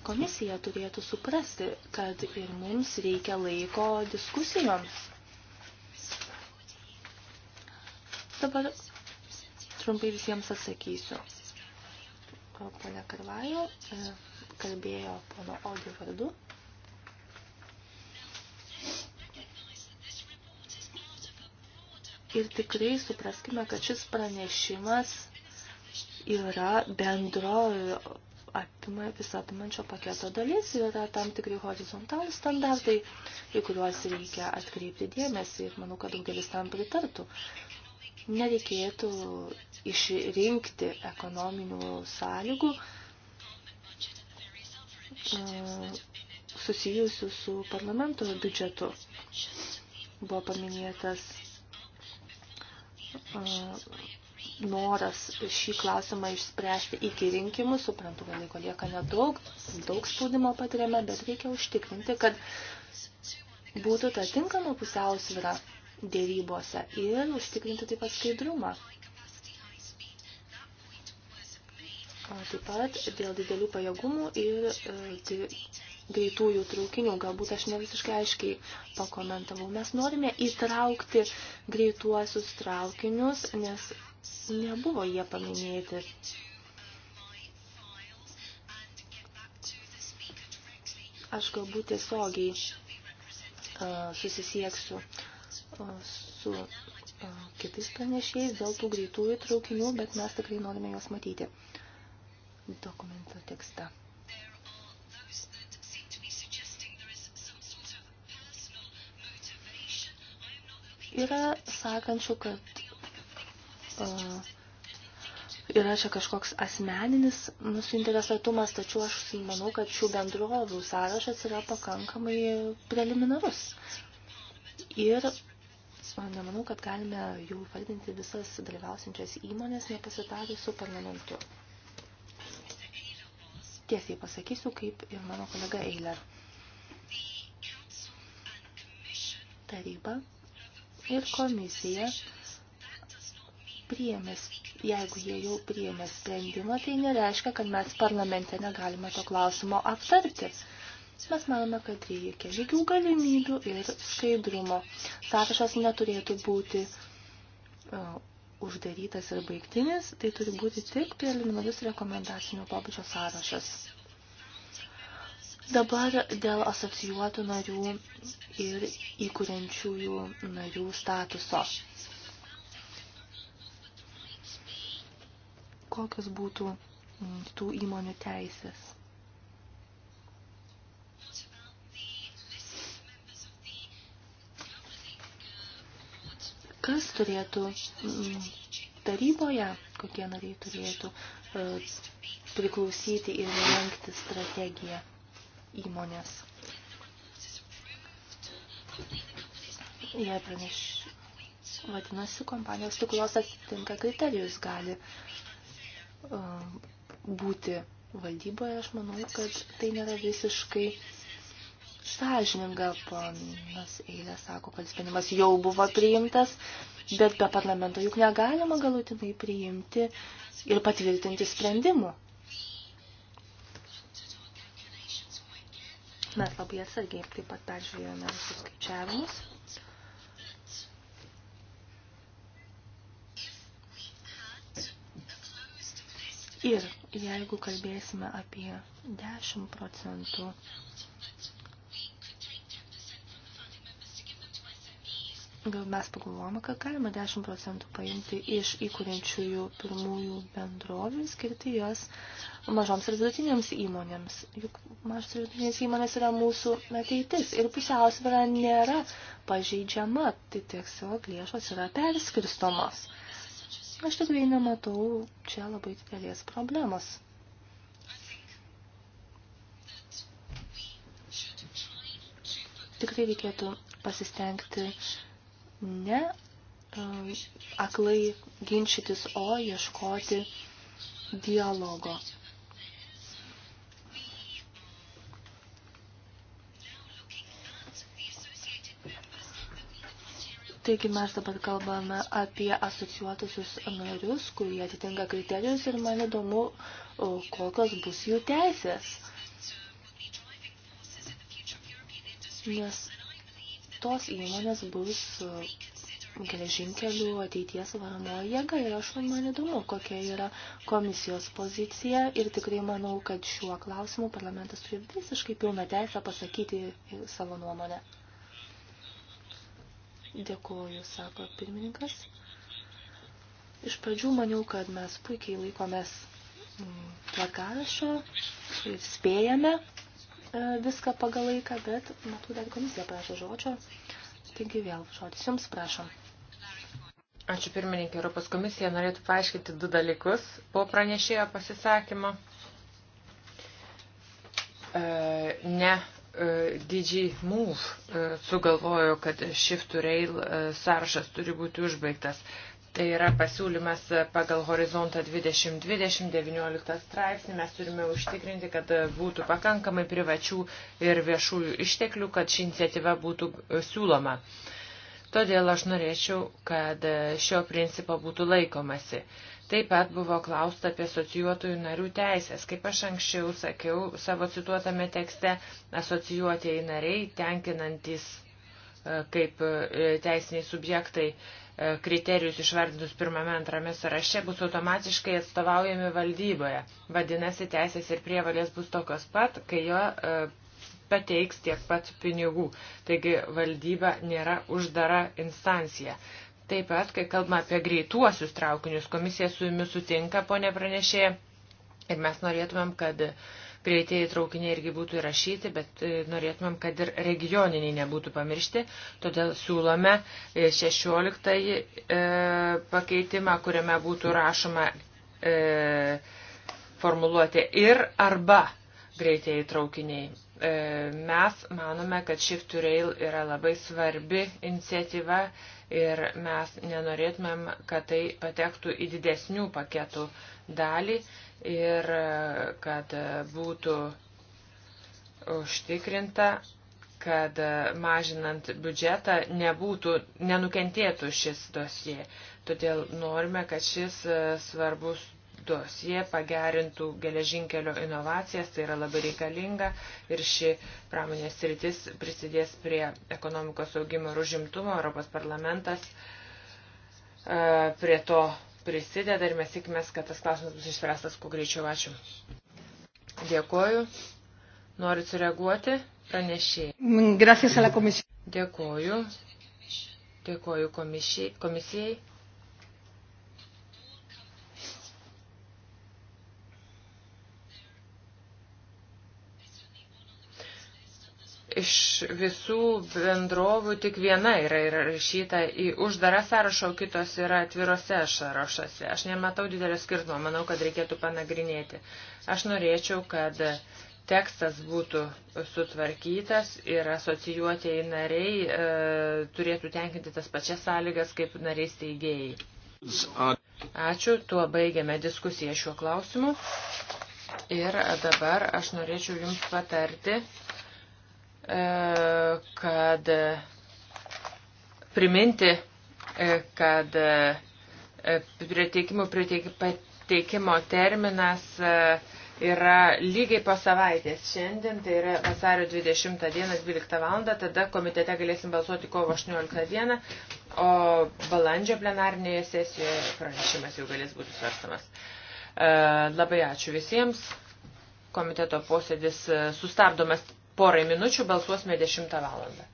Komisija turėtų suprasti, kad ir mums reikia laiko diskusijoms. Dabar trumpai visiems atsakysiu. Pone Karvajo e, kalbėjo pono Odį vardu. Ir tikrai supraskime, kad šis pranešimas yra bendro apima, visą apimančio paketo dalis, yra tam tikri horizontalūs standartai, į kuriuos reikia atkreipti dėmesį ir manau, kad daugelis tam pritartų. Nereikėtų išrinkti ekonominių sąlygų e, susijusių su parlamento biudžetu. Buvo paminėtas noras šį klausimą išspręsti iki rinkimų. Suprantu, kad laiko lieka nedaug, daug spaudimo patiriame, bet reikia užtikrinti, kad būtų ta tinkama pusiausvyra dėrybose ir užtikrinti taip pat skaidrumą. Taip pat dėl didelių pajėgumų ir e, greitųjų traukinių, galbūt aš ne visiškai aiškiai pakomentavau. Mes norime įtraukti greituosius traukinius, nes nebuvo jie paminėti. Aš galbūt tiesiogiai uh, susisieksiu uh, su uh, kitais pranešėjais dėl tų greitųjų traukinių, bet mes tikrai norime juos matyti dokumento tekste. Yra sakančių, kad uh, yra čia kažkoks asmeninis suinteresuotumas, tačiau aš manau, kad šių bendrovių sąrašas yra pakankamai preliminarus. Ir nemanau, kad galime jau vardinti visas dalyvausiančias įmonės nepasitarį su parlamentu. Tiesiai pasakysiu, kaip ir mano kolega Eiler. Taryba ir komisija priėmės, jeigu jie jau priėmė sprendimą, tai nereiškia, kad mes parlamente negalime to klausimo aptarti. Mes manome, kad reikia lygių galimybių ir skaidrumo. Sąrašas neturėtų būti uh, uždarytas ir baigtinis, tai turi būti tik preliminarius rekomendacinių pobūdžio sąrašas. Dabar dėl asocijuotų narių ir įkūrenčiųjų narių statuso. Kokios būtų tų įmonių teisės? Kas turėtų mm, taryboje, kokie nariai turėtų e, priklausyti ir rengti strategiją? įmonės. Jie praneš, vadinasi, kompanijos, tik kurios atitinka kriterijus, gali uh, būti valdyboje. Aš manau, kad tai nėra visiškai sąžininga. Ponas Eilė sako, kad sprendimas jau buvo priimtas, bet be parlamento juk negalima galutinai priimti ir patvirtinti sprendimų. Mes labai atsargiai taip pat peržiūrėjome visus skaičiavimus. Ir jeigu kalbėsime apie 10 procentų Gal mes pagalvojame, kad galima 10 procentų paimti iš įkūrenčiųjų pirmųjų bendrovių, skirti jos mažoms ir vidutinėms įmonėms. Juk mažos ir vidutinės įmonės yra mūsų ateitis ir pusiausvėra nėra pažeidžiama, tai tiesiog lėšos yra perskirstomos. Aš tikrai nematau čia labai didelės problemos. Tikrai reikėtų pasistengti ne um, aklai ginčytis, o ieškoti dialogo. Taigi mes dabar kalbame apie asociuotusius narius, kurie atitinka kriterijus ir man įdomu, kokios bus jų teisės. Nes tos įmonės bus geležinkelių ateities varomoji jėga ir aš man įdomu, kokia yra komisijos pozicija ir tikrai manau, kad šiuo klausimu parlamentas turi visiškai pilną teisę pasakyti savo nuomonę. Dėkuoju, sako pirmininkas. Iš pradžių maniau, kad mes puikiai laikomės plakarašio mm, ir spėjame e, viską pagal laiką, bet matau, dar komisija prašo žodžio. Taigi vėl žodis jums prašom. Ačiū pirmininkė, Europos komisija norėtų paaiškinti du dalykus po pranešėjo pasisakymo. E, ne E, DG Move e, sugalvojo, kad Shift to Rail e, sąrašas turi būti užbaigtas. Tai yra pasiūlymas pagal horizontą 2020-19 straipsnį. Mes turime užtikrinti, kad būtų pakankamai privačių ir viešųjų išteklių, kad ši iniciatyva būtų siūloma. Todėl aš norėčiau, kad šio principo būtų laikomasi. Taip pat buvo klausta apie asocijuotųjų narių teisės. Kaip aš anksčiau sakiau savo cituotame tekste, asocijuotieji nariai, tenkinantis e, kaip e, teisiniai subjektai e, kriterijus išvardinus pirmame antrame sąraše, bus automatiškai atstovaujami valdyboje. Vadinasi, teisės ir prievalės bus tokios pat, kai jo pateiks tiek pat pinigų. Taigi valdyba nėra uždara instancija. Taip pat, kai kalbame apie greituosius traukinius, komisija su jumis sutinka, ponė pranešė, ir mes norėtumėm, kad greitieji traukiniai irgi būtų įrašyti, bet e, norėtumėm, kad ir regioniniai nebūtų pamiršti. Todėl siūlome 16 e, e, pakeitimą, kuriame būtų rašoma formuluoti ir arba greitieji traukiniai. Mes manome, kad Shift to Rail yra labai svarbi iniciatyva ir mes nenorėtumėm, kad tai patektų į didesnių paketų dalį ir e, kad būtų užtikrinta, kad e, mažinant biudžetą nebūtų, nenukentėtų šis dosie. Todėl norime, kad šis e, svarbus dosie pagerintų geležinkelio inovacijas, tai yra labai reikalinga ir ši pramonės sritis prisidės prie ekonomikos augimo ir užimtumo. Europos parlamentas e, prie to prisideda ir mes tikimės, kad tas klausimas bus išspręstas kuo greičiau. Ačiū. Dėkoju. Norit sureaguoti? Pranešėjai. Dėkoju. Dėkoju komisijai. iš visų bendrovų tik viena yra įrašyta į uždarą sąrašą, o kitos yra atvirose sąrašuose. Aš nematau didelio skirtumo, manau, kad reikėtų panagrinėti. Aš norėčiau, kad tekstas būtų sutvarkytas ir asocijuotieji nariai e, turėtų tenkinti tas pačias sąlygas kaip nariai steigėjai. Ačiū, tuo baigiame diskusiją šiuo klausimu. Ir dabar aš norėčiau Jums patarti E, kad priminti, e, kad e, priteikimo, priteikimo terminas yra lygiai po savaitės. Šiandien tai yra vasario 20 dieną 12 val. Tada komitete galėsim balsuoti kovo 18 dieną, o balandžio plenarinėje sesijoje pranešimas jau galės būti svarstamas. Labai ačiū visiems. Komiteto posėdis sustabdomas porai minučių balsuosime 10 valandą.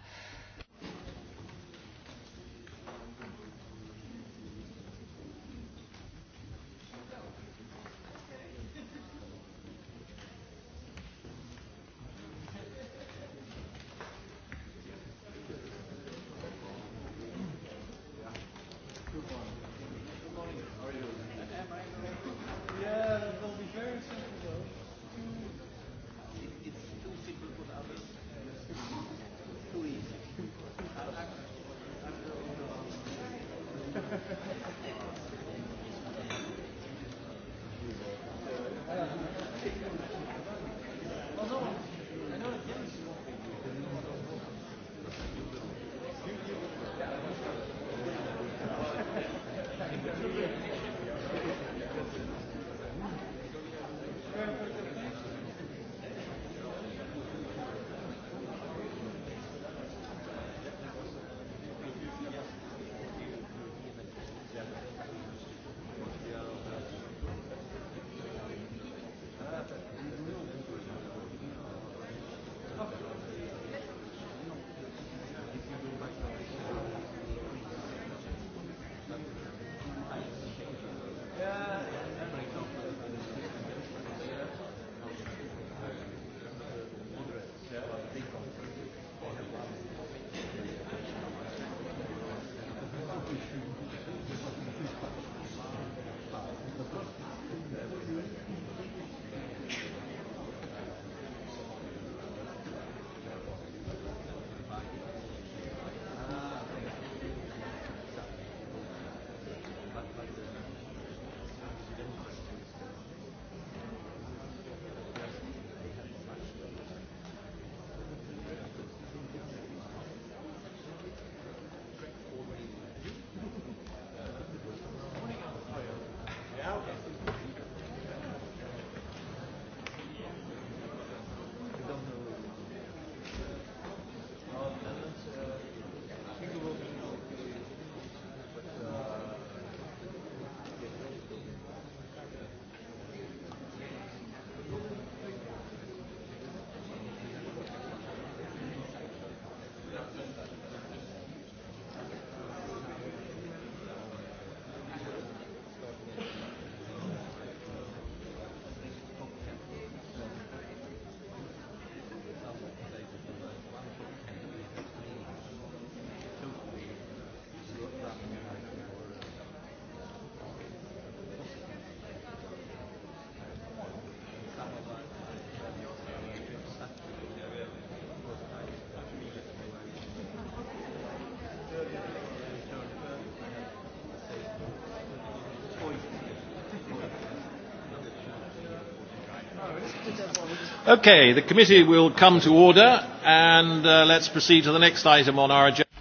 Okay, the committee will come to order and uh, let's proceed to the next item on our agenda.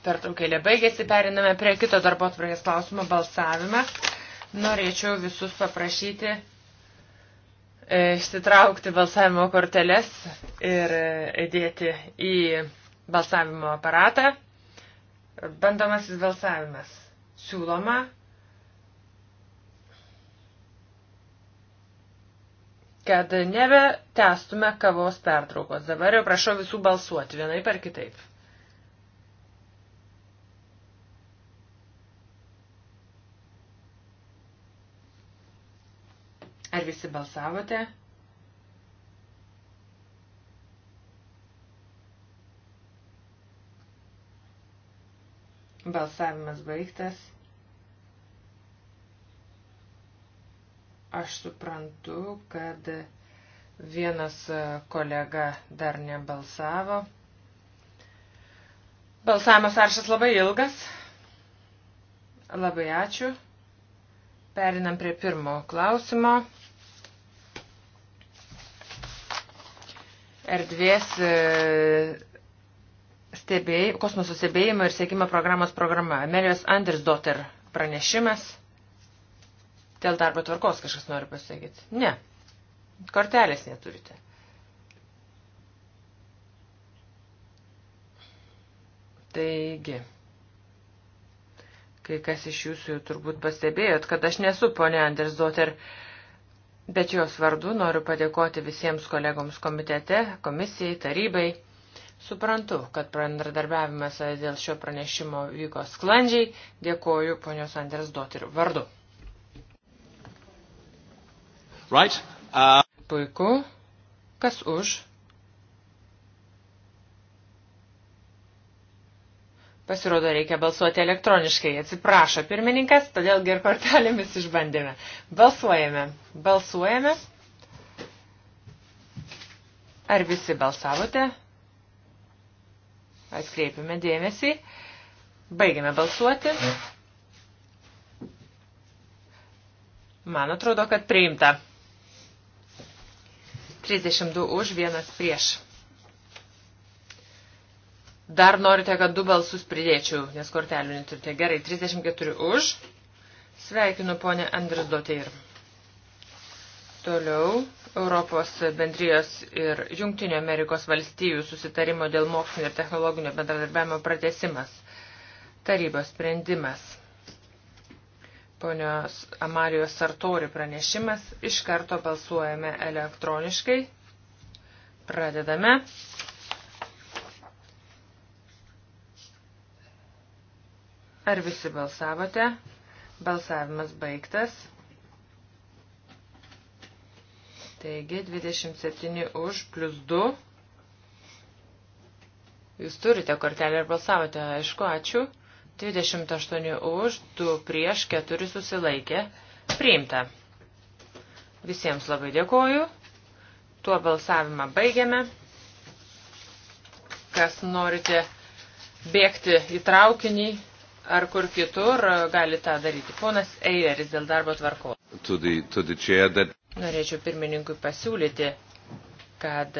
Pertraukėlė baigėsi, periname prie kito darbo atvarkės klausimo balsavimą. Norėčiau visus paprašyti e, išsitraukti balsavimo korteles ir e, įdėti į balsavimo aparatą. Bandomasis balsavimas. Siūloma kad nebe testume kavos pertraukos. Dabar jau prašau visų balsuoti vienai per kitaip. Ar visi balsavote? Balsavimas baigtas. Aš suprantu, kad vienas kolega dar nebalsavo. Balsavimas aršas labai ilgas. Labai ačiū. Perinam prie pirmo klausimo. Erdvės e, stebėjimo, kosmoso stebėjimo ir sėkimo programos programa. Emilijos Andersdotter pranešimas. Dėl darbo tvarkos kažkas nori pasakyti. Ne. Kortelės neturite. Taigi, kai kas iš jūsų jau turbūt pastebėjot, kad aš nesu ponė Anders Doter, bet jos vardu noriu padėkoti visiems kolegoms komitete, komisijai, tarybai. Suprantu, kad bendradarbiavimas dėl šio pranešimo vyko sklandžiai. Dėkoju ponios Anders Doter vardu. Right? Uh... Puiku. Kas už? Pasirodo, reikia balsuoti elektroniškai. Atsiprašo pirmininkas, todėl ir kortelėmis išbandėme. Balsuojame. Balsuojame. Ar visi balsavote? Atkreipime dėmesį. Baigiame balsuoti. Man atrodo, kad priimta. 32 už, vienas prieš. Dar norite, kad du balsus pridėčiau, nes kortelių neturite. Gerai, 34 už. Sveikinu ponę Andris Doteir. Toliau Europos bendrijos ir Junktinio Amerikos valstijų susitarimo dėl mokslinio ir technologinio bendradarbiavimo pratesimas. Tarybos sprendimas ponios Amarijos Sartori pranešimas. Iš karto balsuojame elektroniškai. Pradedame. Ar visi balsavote? Balsavimas baigtas. Taigi, 27 už plus 2. Jūs turite kortelę ir balsavote, aišku, ačiū. 28 už, 2 prieš, 4 susilaikė. Priimta. Visiems labai dėkoju. Tuo balsavimą baigiame. Kas norite bėgti į traukinį ar kur kitur, gali tą daryti. Ponas Eileris dėl darbo tvarko. To the, to the that... Norėčiau pirmininkui pasiūlyti, kad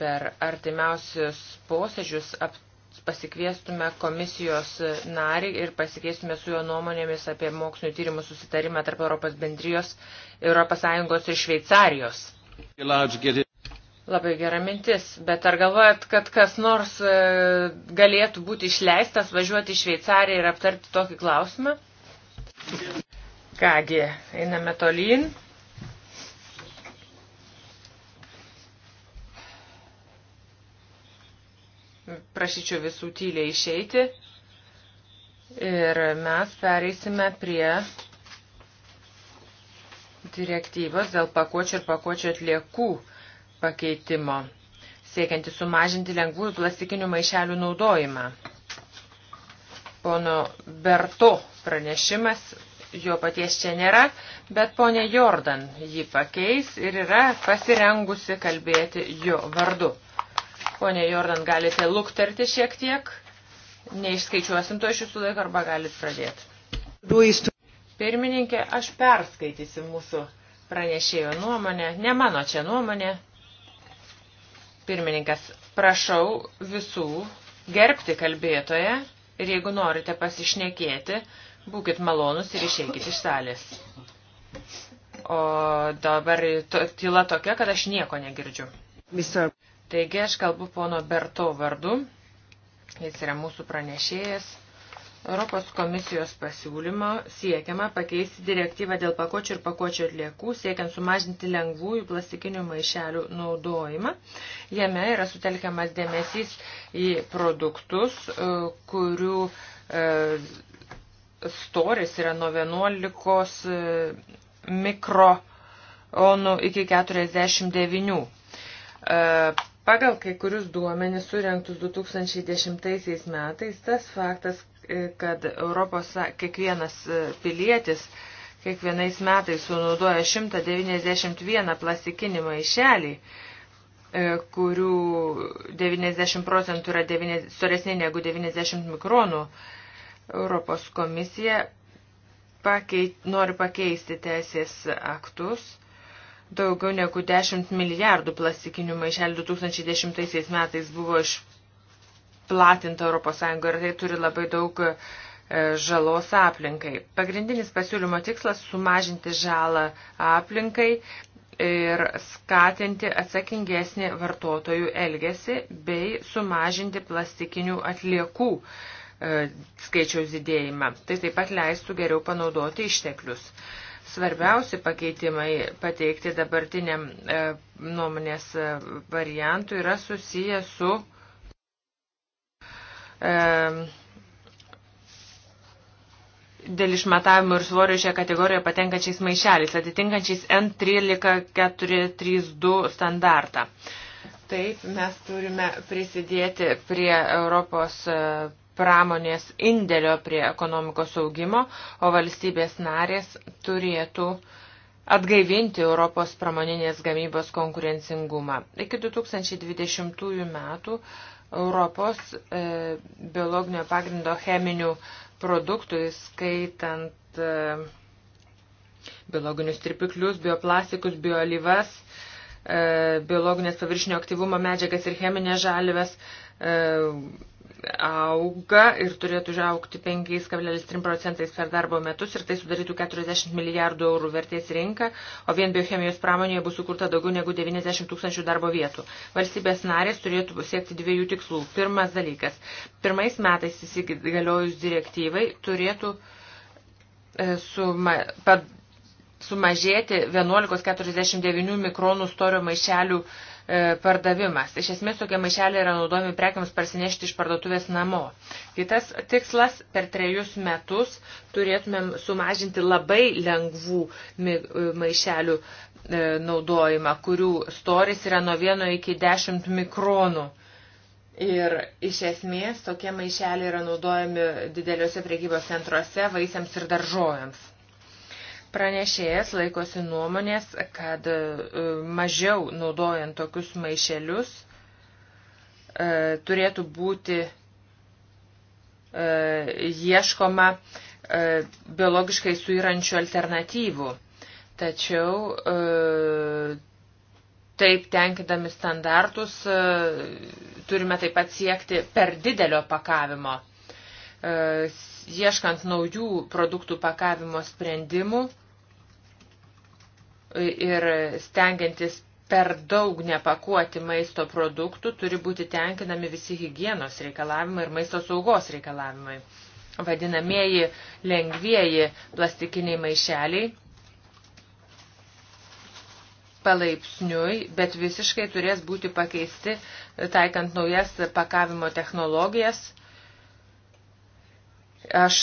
per artimiausius posėdžius aptarti pasikviestume komisijos narį ir pasikeistume su jo nuomonėmis apie mokslinio tyrimų susitarimą tarp Europos bendrijos, Europos Sąjungos ir Šveicarijos. Labai gera mintis, bet ar galvojat, kad kas nors e, galėtų būti išleistas važiuoti į Šveicariją ir aptarti tokį klausimą? Kągi, einame tolyn. Prašyčiau visų tyliai išeiti. Ir mes pereisime prie direktyvos dėl pakuočių ir pakuočių atliekų pakeitimo, siekianti sumažinti lengvųjų plastikinių maišelių naudojimą. Pono Berto pranešimas, jo paties čia nėra, bet ponė Jordan jį pakeis ir yra pasirengusi kalbėti jo vardu. Pone Jordan, galite luktarti šiek tiek. Neišskaičiuosim to iš jūsų laiko arba galit pradėti. Pirmininkė, aš perskaitysiu mūsų pranešėjo nuomonę. Ne mano čia nuomonė. Pirmininkas, prašau visų gerbti kalbėtoje ir jeigu norite pasišnekėti, būkit malonus ir išeikit iš salės. O dabar tyla tokia, kad aš nieko negirdžiu. Mr. Taigi aš kalbu pono Berto vardu, jis yra mūsų pranešėjas. Europos komisijos pasiūlymo siekiama pakeisti direktyvą dėl pakuočių ir pakuočių atliekų, siekiant sumažinti lengvųjų plastikinių maišelių naudojimą. Jame yra sutelkiamas dėmesys į produktus, e, kurių e, storis yra nuo 11 e, mikroonų iki 49 Pagal kai kurius duomenis surinktus 2010 metais, tas faktas, e, kad Europos kiekvienas e, pilietis kiekvienais metais sunaudoja 191 plastikinį maišelį, e, kurių 90 procentų yra storesnė negu 90 mikronų, Europos komisija pakeit, nori pakeisti teisės aktus Daugiau negu 10 milijardų plastikinių maišelių 2010 metais buvo išplatinta ES ir tai turi labai daug e, žalos aplinkai. Pagrindinis pasiūlymo tikslas - sumažinti žalą aplinkai ir skatinti atsakingesnį vartotojų elgesį bei sumažinti plastikinių atliekų e, skaičiaus didėjimą. Tai taip pat leistų geriau panaudoti išteklius. Svarbiausi pakeitimai pateikti dabartiniam e, nuomonės e, variantui yra susiję su e, dėl išmatavimų ir svorio šią kategoriją patenkančiais maišeliais, atitinkančiais N13432 standartą. Taip, mes turime prisidėti prie Europos pramonės indėlio prie ekonomikos augimo, o valstybės narės turėtų atgaivinti Europos pramoninės gamybos konkurencingumą. Iki 2020 metų Europos e, biologinio pagrindo cheminių produktų, skaitant e, biologinius tripiklius, bioplastikus, biolyvas, e, biologinės paviršinio aktyvumo medžiagas ir cheminės žalves, e, auga ir turėtų žaukti 5,3 procentais per darbo metus ir tai sudarytų 40 milijardų eurų vertės rinką, o vien biochemijos pramonėje bus sukurta daugiau negu 90 tūkstančių darbo vietų. Valstybės narės turėtų siekti dviejų tikslų. Pirmas dalykas. Pirmais metais įsigaliojus direktyvai turėtų e, suma, pad, sumažėti 11,49 mikronų storio maišelių uh, E, pardavimas. Iš esmės tokie maišeliai yra naudojami prekiams parsinešti iš parduotuvės namo. Kitas tikslas - per trejus metus turėtumėm sumažinti labai lengvų e, maišelių e, naudojimą, kurių storis yra nuo 1 iki 10 mikronų. Ir iš esmės tokie maišeliai yra naudojami dideliuose priekybos centruose vaisiams ir daržovėms. Pranešėjas laikosi nuomonės, kad e, mažiau naudojant tokius maišelius e, turėtų būti e, ieškoma biologiškai suirančių alternatyvų. Tačiau taip tenkindami standartus turime taip pat siekti per didelio pakavimo. Ieškant naujų produktų pakavimo sprendimų, ir stengiantis per daug nepakuoti maisto produktų turi būti tenkinami visi hygienos reikalavimai ir maisto saugos reikalavimai. Vadinamieji lengvieji plastikiniai maišeliai palaipsniui, bet visiškai turės būti pakeisti, taikant naujas pakavimo technologijas. Aš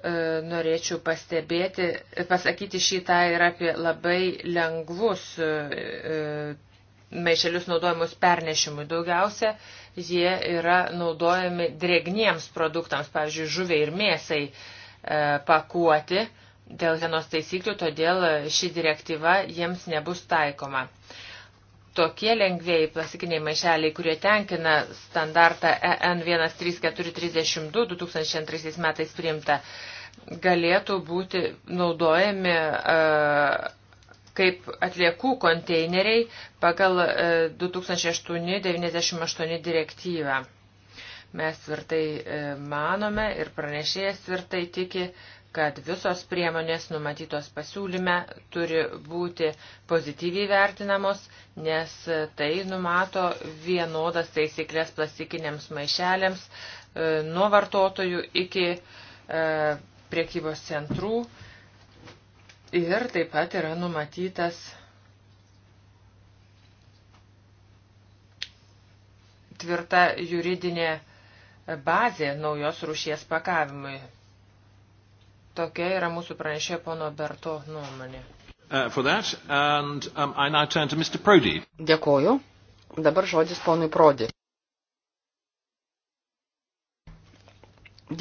E, norėčiau pastebėti, pasakyti šitą ir apie labai lengvus e, e, maišelius naudojimus pernešimui. Daugiausia jie yra naudojami drėgniems produktams, pavyzdžiui, žuviai ir mėsai pakuoti dėl vienos taisyklių, todėl ši direktyva jiems nebus taikoma tokie lengvėjai plastikiniai maišeliai, kurie tenkina standartą EN 13432 2002 metais priimta, galėtų būti naudojami e, kaip atliekų konteineriai pagal 2008-98 e, direktyvą. Mes tvirtai e, manome ir pranešėjas tvirtai tiki, kad visos priemonės numatytos pasiūlyme turi būti pozityviai vertinamos, nes tai numato vienodas taisyklės plastikiniams maišeliams e, nuo vartotojų iki e, priekybos centrų ir taip pat yra numatytas tvirta juridinė bazė naujos rūšies pakavimui Tokia yra mūsų pranešė pono Berto nuomonė. Uh, and, um, Dėkoju. Dabar žodis ponui Prodi.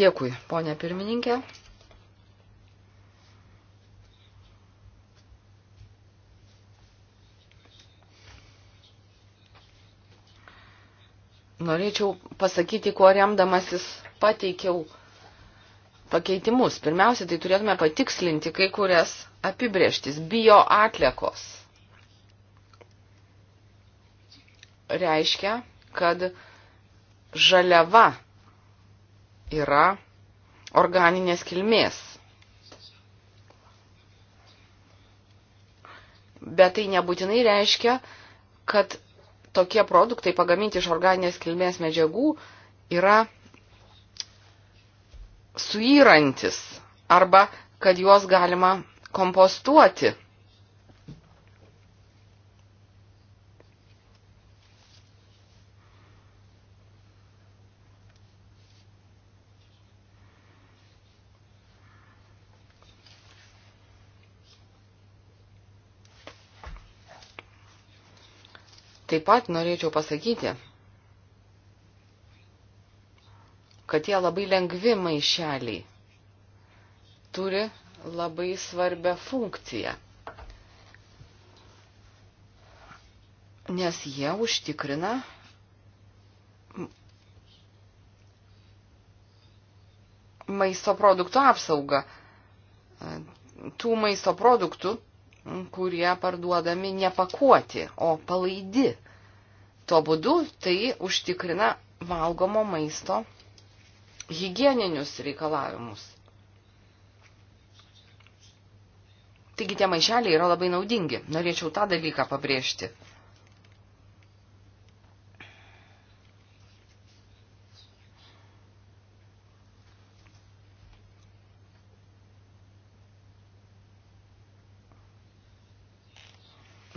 Dėkui, ponė pirmininkė. Norėčiau pasakyti, kuo remdamasis pateikiau pakeitimus. Pirmiausia, tai turėtume patikslinti kai kurias apibrieštis. Bio atliekos reiškia, kad žaliava yra organinės kilmės. Bet tai nebūtinai reiškia, kad tokie produktai pagaminti iš organinės kilmės medžiagų yra suyrantis arba kad juos galima kompostuoti. Taip pat norėčiau pasakyti, kad tie labai lengvi maišeliai turi labai svarbę funkciją, nes jie užtikrina maisto produktų apsaugą. Tų maisto produktų, kurie parduodami nepakuoti, o palaidi. Tuo būdu tai užtikrina valgomo maisto hygieninius reikalavimus. Taigi tie maišeliai yra labai naudingi. Norėčiau tą dalyką pabrėžti.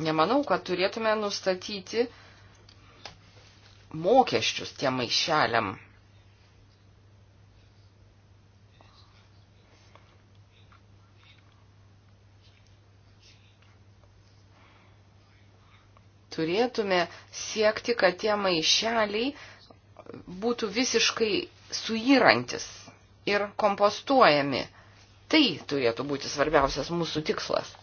Nemanau, kad turėtume nustatyti mokesčius tiem maišeliam. turėtume siekti, kad tie maišeliai būtų visiškai suyrantis ir kompostuojami. Tai turėtų būti svarbiausias mūsų tikslas.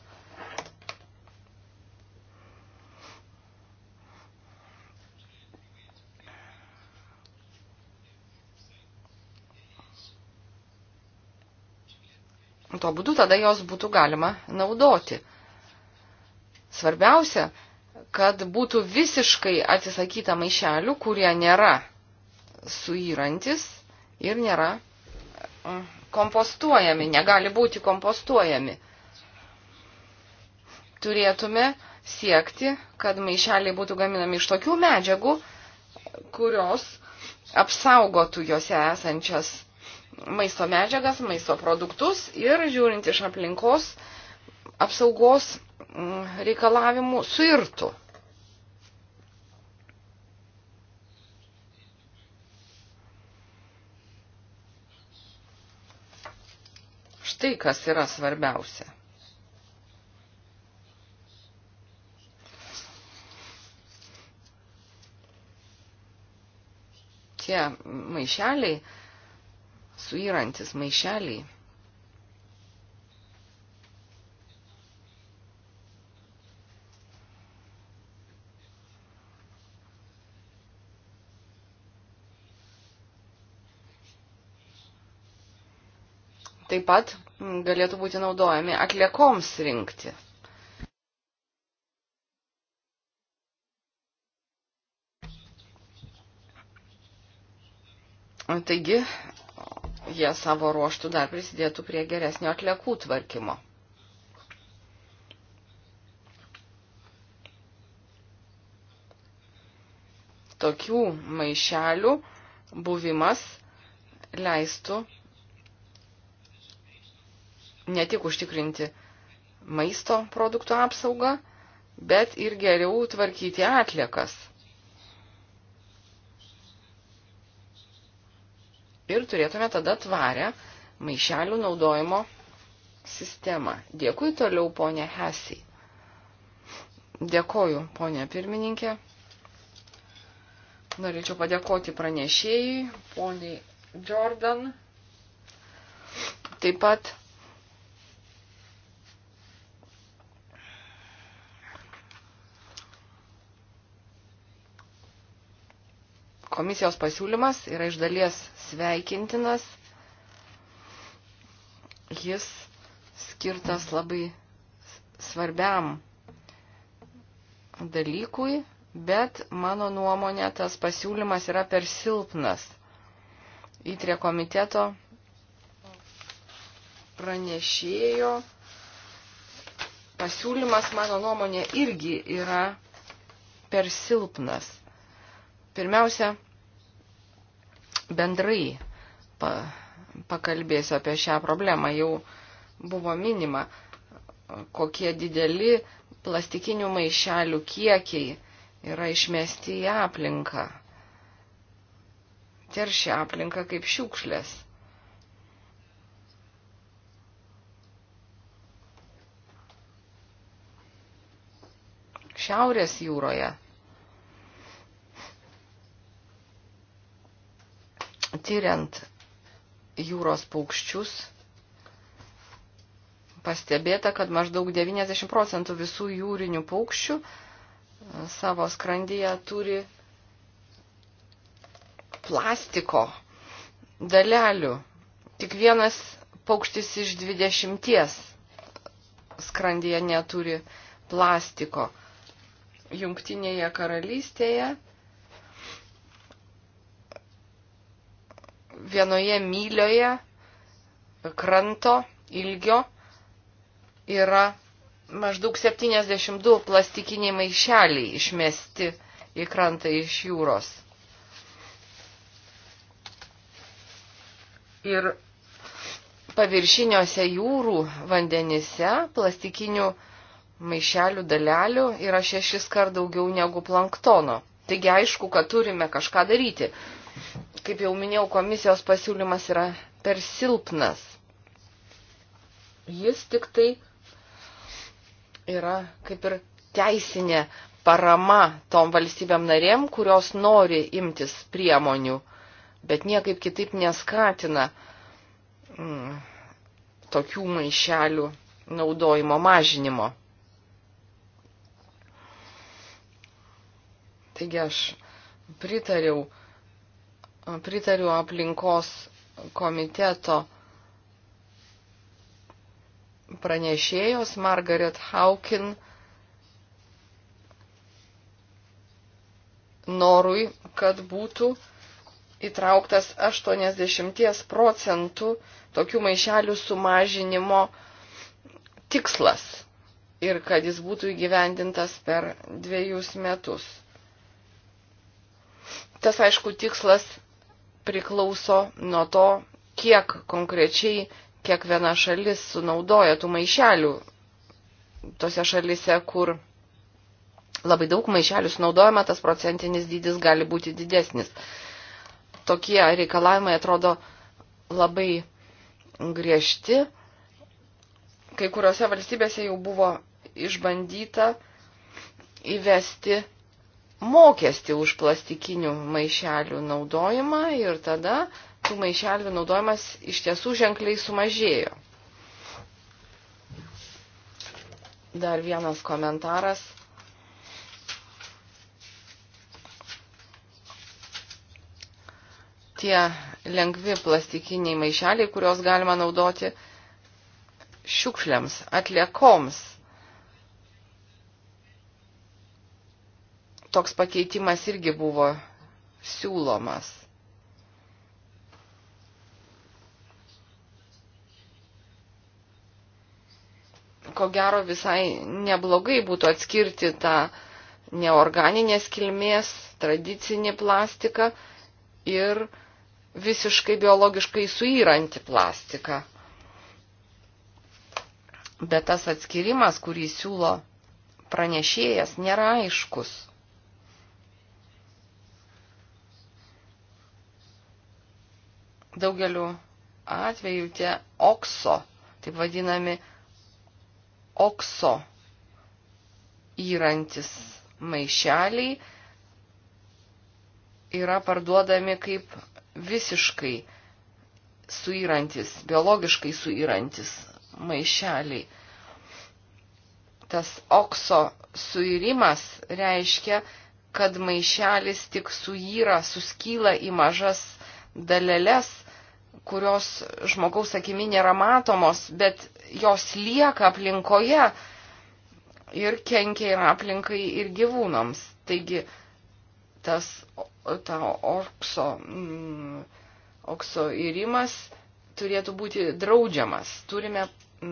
Tuo būdu tada jos būtų galima naudoti. Svarbiausia, kad būtų visiškai atsisakyta maišelių, kurie nėra suyrantis ir nėra mm, kompostuojami, negali būti kompostuojami. Turėtume siekti, kad maišeliai būtų gaminami iš tokių medžiagų, kurios apsaugotų juose esančias maisto medžiagas, maisto produktus ir žiūrint iš aplinkos apsaugos Mm, reikalavimų suirtų. Štai kas yra svarbiausia. Tie maišeliai, suyrantis maišeliai taip pat galėtų būti naudojami atliekoms rinkti. Taigi, jie savo ruoštų dar prisidėtų prie geresnio atliekų tvarkymo. Tokių maišelių buvimas leistų ne tik užtikrinti maisto produktų apsaugą, bet ir geriau tvarkyti atliekas. Ir turėtume tada tvarę maišelių naudojimo sistemą. Dėkui toliau, ponė Hesiai. Dėkoju, ponė pirmininkė. Norėčiau padėkoti pranešėjai, poniai Jordan. Taip pat Komisijos pasiūlymas yra iš dalies sveikintinas. Jis skirtas labai svarbiam dalykui, bet mano nuomonė tas pasiūlymas yra per silpnas. Įtrė komiteto pranešėjo pasiūlymas, mano nuomonė, irgi yra per silpnas. Pirmiausia, bendrai pa, pakalbėsiu apie šią problemą. Jau buvo minima, kokie dideli plastikinių maišelių kiekiai yra išmesti į aplinką. Teršia aplinką kaip šiukšlės. Šiaurės jūroje tyriant jūros paukščius, pastebėta, kad maždaug 90 procentų visų jūrinių paukščių e, savo skrandyje turi plastiko dalelių. Tik vienas paukštis iš 20 skrandyje neturi plastiko. Jungtinėje karalystėje vienoje mylioje kranto ilgio yra maždaug 72 plastikiniai maišeliai išmesti į krantą iš jūros. Ir paviršiniuose jūrų vandenise plastikinių maišelių dalelių yra šešis kart daugiau negu planktono. Taigi aišku, kad turime kažką daryti. Kaip jau minėjau, komisijos pasiūlymas yra per silpnas. Jis tik tai yra kaip ir teisinė parama tom valstybėm narėm, kurios nori imtis priemonių, bet niekaip kitaip neskatina mm, tokių maišelių naudojimo mažinimo. Taigi aš pritariau Pritariu aplinkos komiteto pranešėjos Margaret Haukin norui, kad būtų įtrauktas 80 procentų tokių maišelių sumažinimo tikslas ir kad jis būtų įgyvendintas per dviejus metus. Tas aišku tikslas priklauso nuo to, kiek konkrečiai kiekviena šalis sunaudoja tų maišelių. Tose šalise, kur labai daug maišelių sunaudojama, tas procentinis dydis gali būti didesnis. Tokie reikalavimai atrodo labai griežti. Kai kuriuose valstybėse jau buvo išbandyta įvesti mokestį už plastikinių maišelių naudojimą ir tada tų maišelių naudojimas iš tiesų ženkliai sumažėjo. Dar vienas komentaras. Tie lengvi plastikiniai maišeliai, kuriuos galima naudoti šiukšliams, atliekoms toks pakeitimas irgi buvo siūlomas. Ko gero visai neblogai būtų atskirti tą neorganinės kilmės tradicinį plastiką ir visiškai biologiškai suyrantį plastiką. Bet tas atskirimas, kurį siūlo pranešėjas, nėra aiškus. daugeliu atveju tie okso, taip vadinami okso įrantis maišeliai yra parduodami kaip visiškai suirantis, biologiškai suirantis maišeliai. Tas okso suirimas reiškia, kad maišelis tik suyra, suskyla į mažas dalelės, kurios žmogaus akimi nėra matomos, bet jos lieka aplinkoje ir kenkia ir aplinkai, ir gyvūnams. Taigi tas ta orkso, mm, okso įrimas turėtų būti draudžiamas. Turime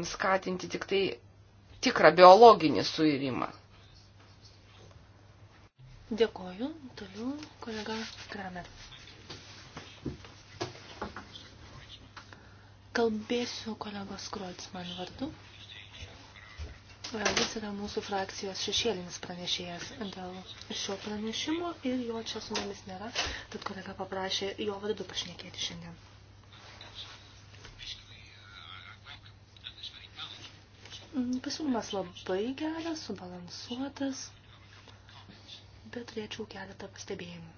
skatinti tik tai tikrą biologinį suirimą. Dėkoju. Toliau kolega Kramer. Kalbėsiu kolegos Krolcman vardu. Jis yra mūsų frakcijos šešėlinis pranešėjas dėl šio pranešimo ir jo čia su mumis nėra, tad kolega paprašė jo vardu pašnekėti šiandien. Pasiūlymas labai geras, subalansuotas, bet turėčiau keletą pastebėjimų.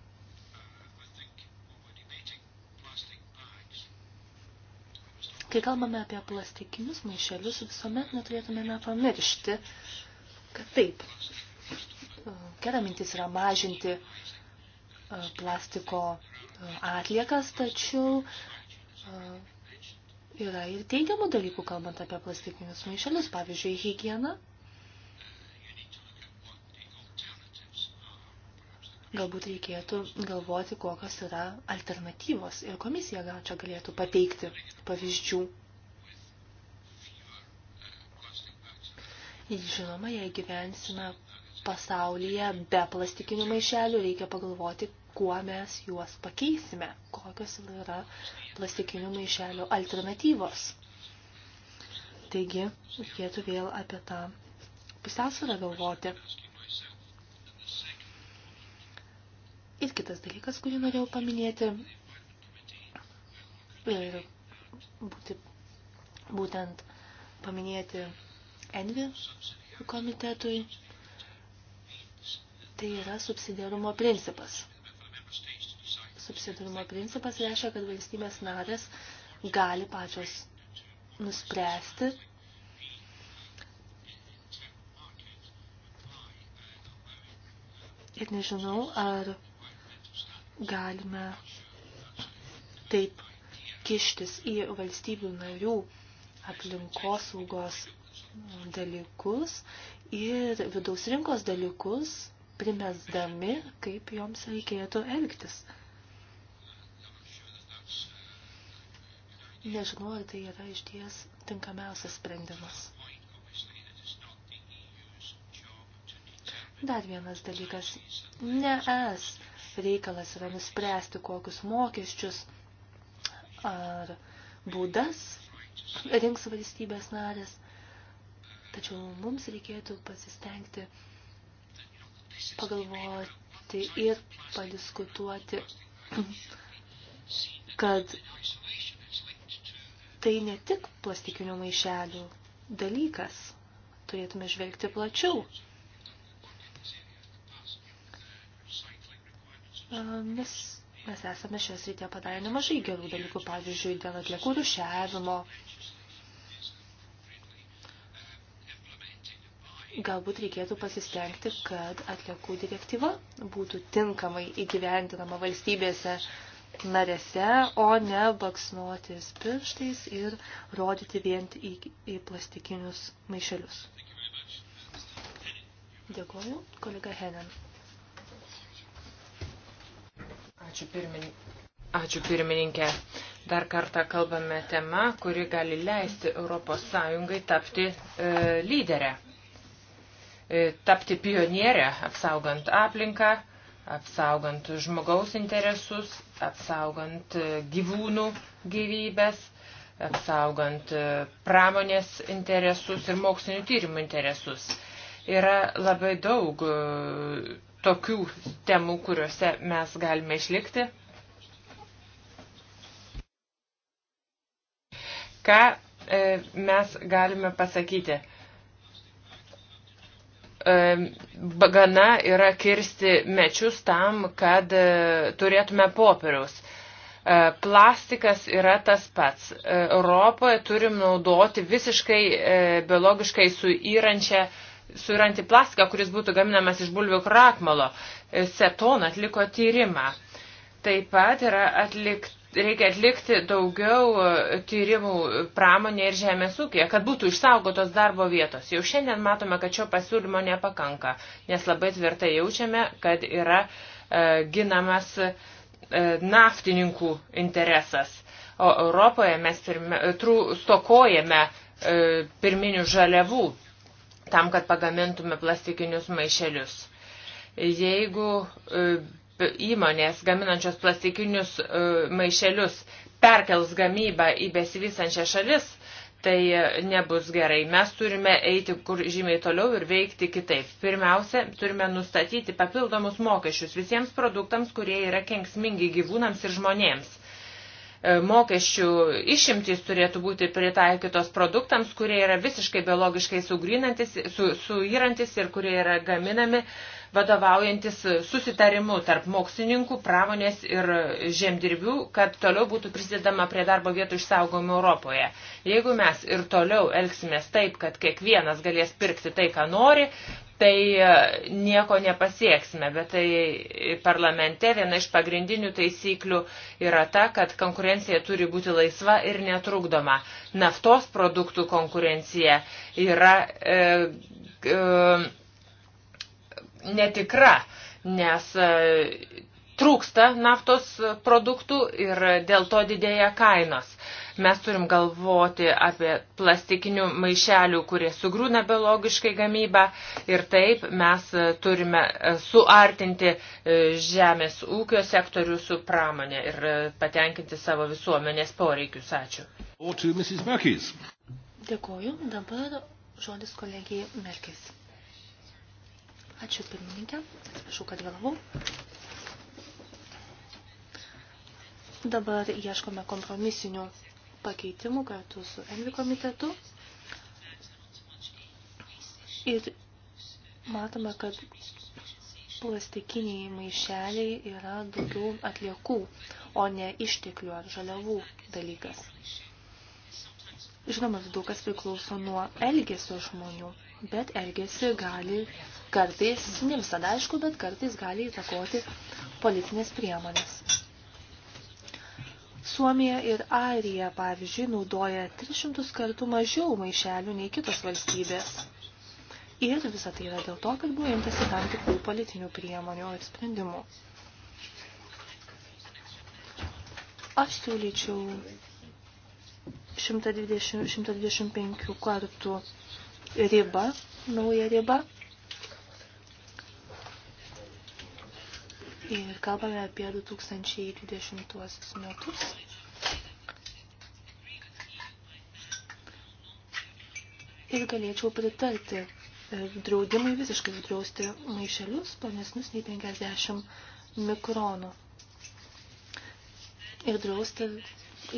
Kai kalbame apie plastikinius maišelius, visuomet neturėtumėme pamiršti, kad taip, e, gera mintis yra mažinti e, plastiko e, atliekas, tačiau yra ir teigiamų dalykų, kalbant apie plastikinius maišelius, pavyzdžiui, hygiena galbūt reikėtų galvoti, kokios yra alternatyvos ir komisija gal čia galėtų pateikti pavyzdžių. Žinoma, jei gyvensime pasaulyje be plastikinių maišelių, reikia pagalvoti, kuo mes juos pakeisime, kokios yra plastikinių maišelių alternatyvos. Taigi, reikėtų vėl apie tą pusiausvyrą galvoti. Ir kitas dalykas, kurį norėjau paminėti, ir būti, būtent paminėti Envi komitetui, tai yra subsidiarumo principas. Subsidiarumo principas reiškia, kad valstybės narės gali pačios nuspręsti, ir nežinau, ar galime taip kištis į valstybių narių aplinkosaugos dalykus ir vidaus rinkos dalykus, primesdami, kaip joms reikėtų elgtis. Nežinau, ar tai yra išties tinkamiausias sprendimas. Dar vienas dalykas. Ne es reikalas yra nuspręsti, kokius mokesčius ar būdas rinks valstybės narės. Tačiau mums reikėtų pasistengti pagalvoti ir padiskutuoti, kad tai ne tik plastikinių maišelių dalykas. Turėtume žvelgti plačiau. Mes, mes esame šią srityje padarę nemažai gerų dalykų, pavyzdžiui, dėl atliekų rušiavimo. Galbūt reikėtų pasistengti, kad atliekų direktyva būtų tinkamai įgyvendinama valstybėse narėse, o ne baksnuotis pirštais ir rodyti vien į, į plastikinius maišelius. Dėkuoju, kolega Henen. Ačiū, pirmin... Ačiū pirmininkė. Dar kartą kalbame tema, kuri gali leisti ES tapti e, lyderę, e, tapti pionierę, apsaugant aplinką, apsaugant žmogaus interesus, apsaugant e, gyvūnų gyvybės, apsaugant e, pramonės interesus ir mokslinių tyrimų interesus. Yra labai daug e, tokių temų, kuriuose mes galime išlikti. Ką e, mes galime pasakyti? E, gana yra kirsti mečius tam, kad e, turėtume popieriaus. E, plastikas yra tas pats. Europoje turim naudoti visiškai biologiškai suyrančią su rantiplaska, kuris būtų gaminamas iš bulvių krakmalo. Seton atliko tyrimą. Taip pat yra atlikt, reikia atlikti daugiau e, tyrimų pramonė ir žemės ūkėje, kad būtų išsaugotos darbo vietos. Jau šiandien matome, kad šio pasiūlymo nepakanka, nes labai tvirtai jaučiame, kad yra e, ginamas e, naftininkų interesas. O Europoje mes pirme, e, trū, stokojame e, pirminių žaliavų tam, kad pagamintume plastikinius maišelius. Jeigu e, įmonės gaminančios plastikinius e, maišelius perkels gamybą į besivysančią šalis, tai e, nebus gerai. Mes turime eiti kur žymiai toliau ir veikti kitaip. Pirmiausia, turime nustatyti papildomus mokesčius visiems produktams, kurie yra kenksmingi gyvūnams ir žmonėms E, mokesčių išimtys turėtų būti pritaikytos produktams, kurie yra visiškai biologiškai su, suyrantis ir kurie yra gaminami vadovaujantis susitarimu tarp mokslininkų, pramonės ir žemdirbių, kad toliau būtų prisidedama prie darbo vietų išsaugojimo Europoje. Jeigu mes ir toliau elgsimės taip, kad kiekvienas galės pirkti tai, ką nori, tai e, nieko nepasieksime. Bet tai parlamente viena iš pagrindinių taisyklių yra ta, kad konkurencija turi būti laisva ir netrukdoma. Naftos produktų konkurencija yra e, e, netikra, nes e, trūksta naftos produktų ir dėl to didėja kainos. Mes turim galvoti apie plastikinių maišelių, kurie sugrūna biologiškai gamybą ir taip mes turime e, suartinti e, žemės ūkio sektorių su pramonė ir e, patenkinti savo visuomenės poreikius. Ačiū. Dėkuoju. Dabar žodis kolegijai Merkis. Ačiū pirmininkė. Atsiprašau, kad vėlavau. Dabar ieškome kompromisinių pakeitimų kartu su Envi komitetu. Ir matome, kad plastikiniai maišeliai yra daugiau atliekų, o ne išteklių ar žaliavų dalykas. Žinoma, daug kas priklauso nuo elgesio žmonių, bet elgesi gali kartais, ne visada aišku, bet kartais gali įtakoti politinės priemonės. Suomija ir Airija, pavyzdžiui, naudoja 300 kartų mažiau maišelių nei kitos valstybės. Ir visą tai yra dėl to, kad buvo imtasi tam tikrų politinių priemonių ir sprendimų. Aš siūlyčiau 120, 125 kartų ribą, naują ribą ir kalbame apie 2020 metus. Ir galėčiau pritarti e, draudimui visiškai uždrausti maišelius plonesnius nei 50 mikronų. Ir drausti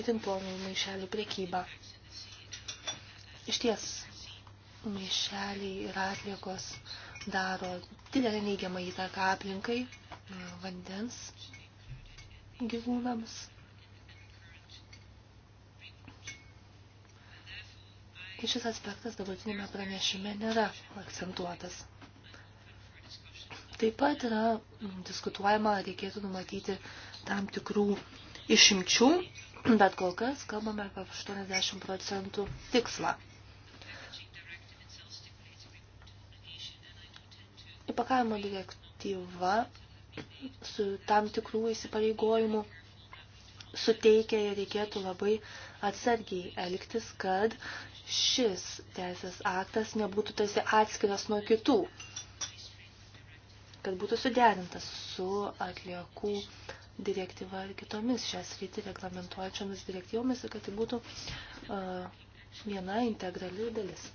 itin plonų maišelių prekybą. Iš ties, maišeliai ir atliekos daro didelę neigiamą įtaką aplinkai vandens gyvūnams. Ir šis aspektas dabartinėme pranešime nėra akcentuotas. Taip pat yra diskutuojama, reikėtų numatyti tam tikrų išimčių, bet kol kas kalbame apie 80 procentų tikslą. Įpakavimo direktyva su tam tikrų įsipareigojimų suteikia ir reikėtų labai atsargiai elgtis, kad šis teisės aktas nebūtų tarsi atskiras nuo kitų, kad būtų suderintas su atliekų direktyva ir kitomis šias rytį reglamentuojančiomis direktyvomis ir kad tai būtų uh, viena integrali dalis.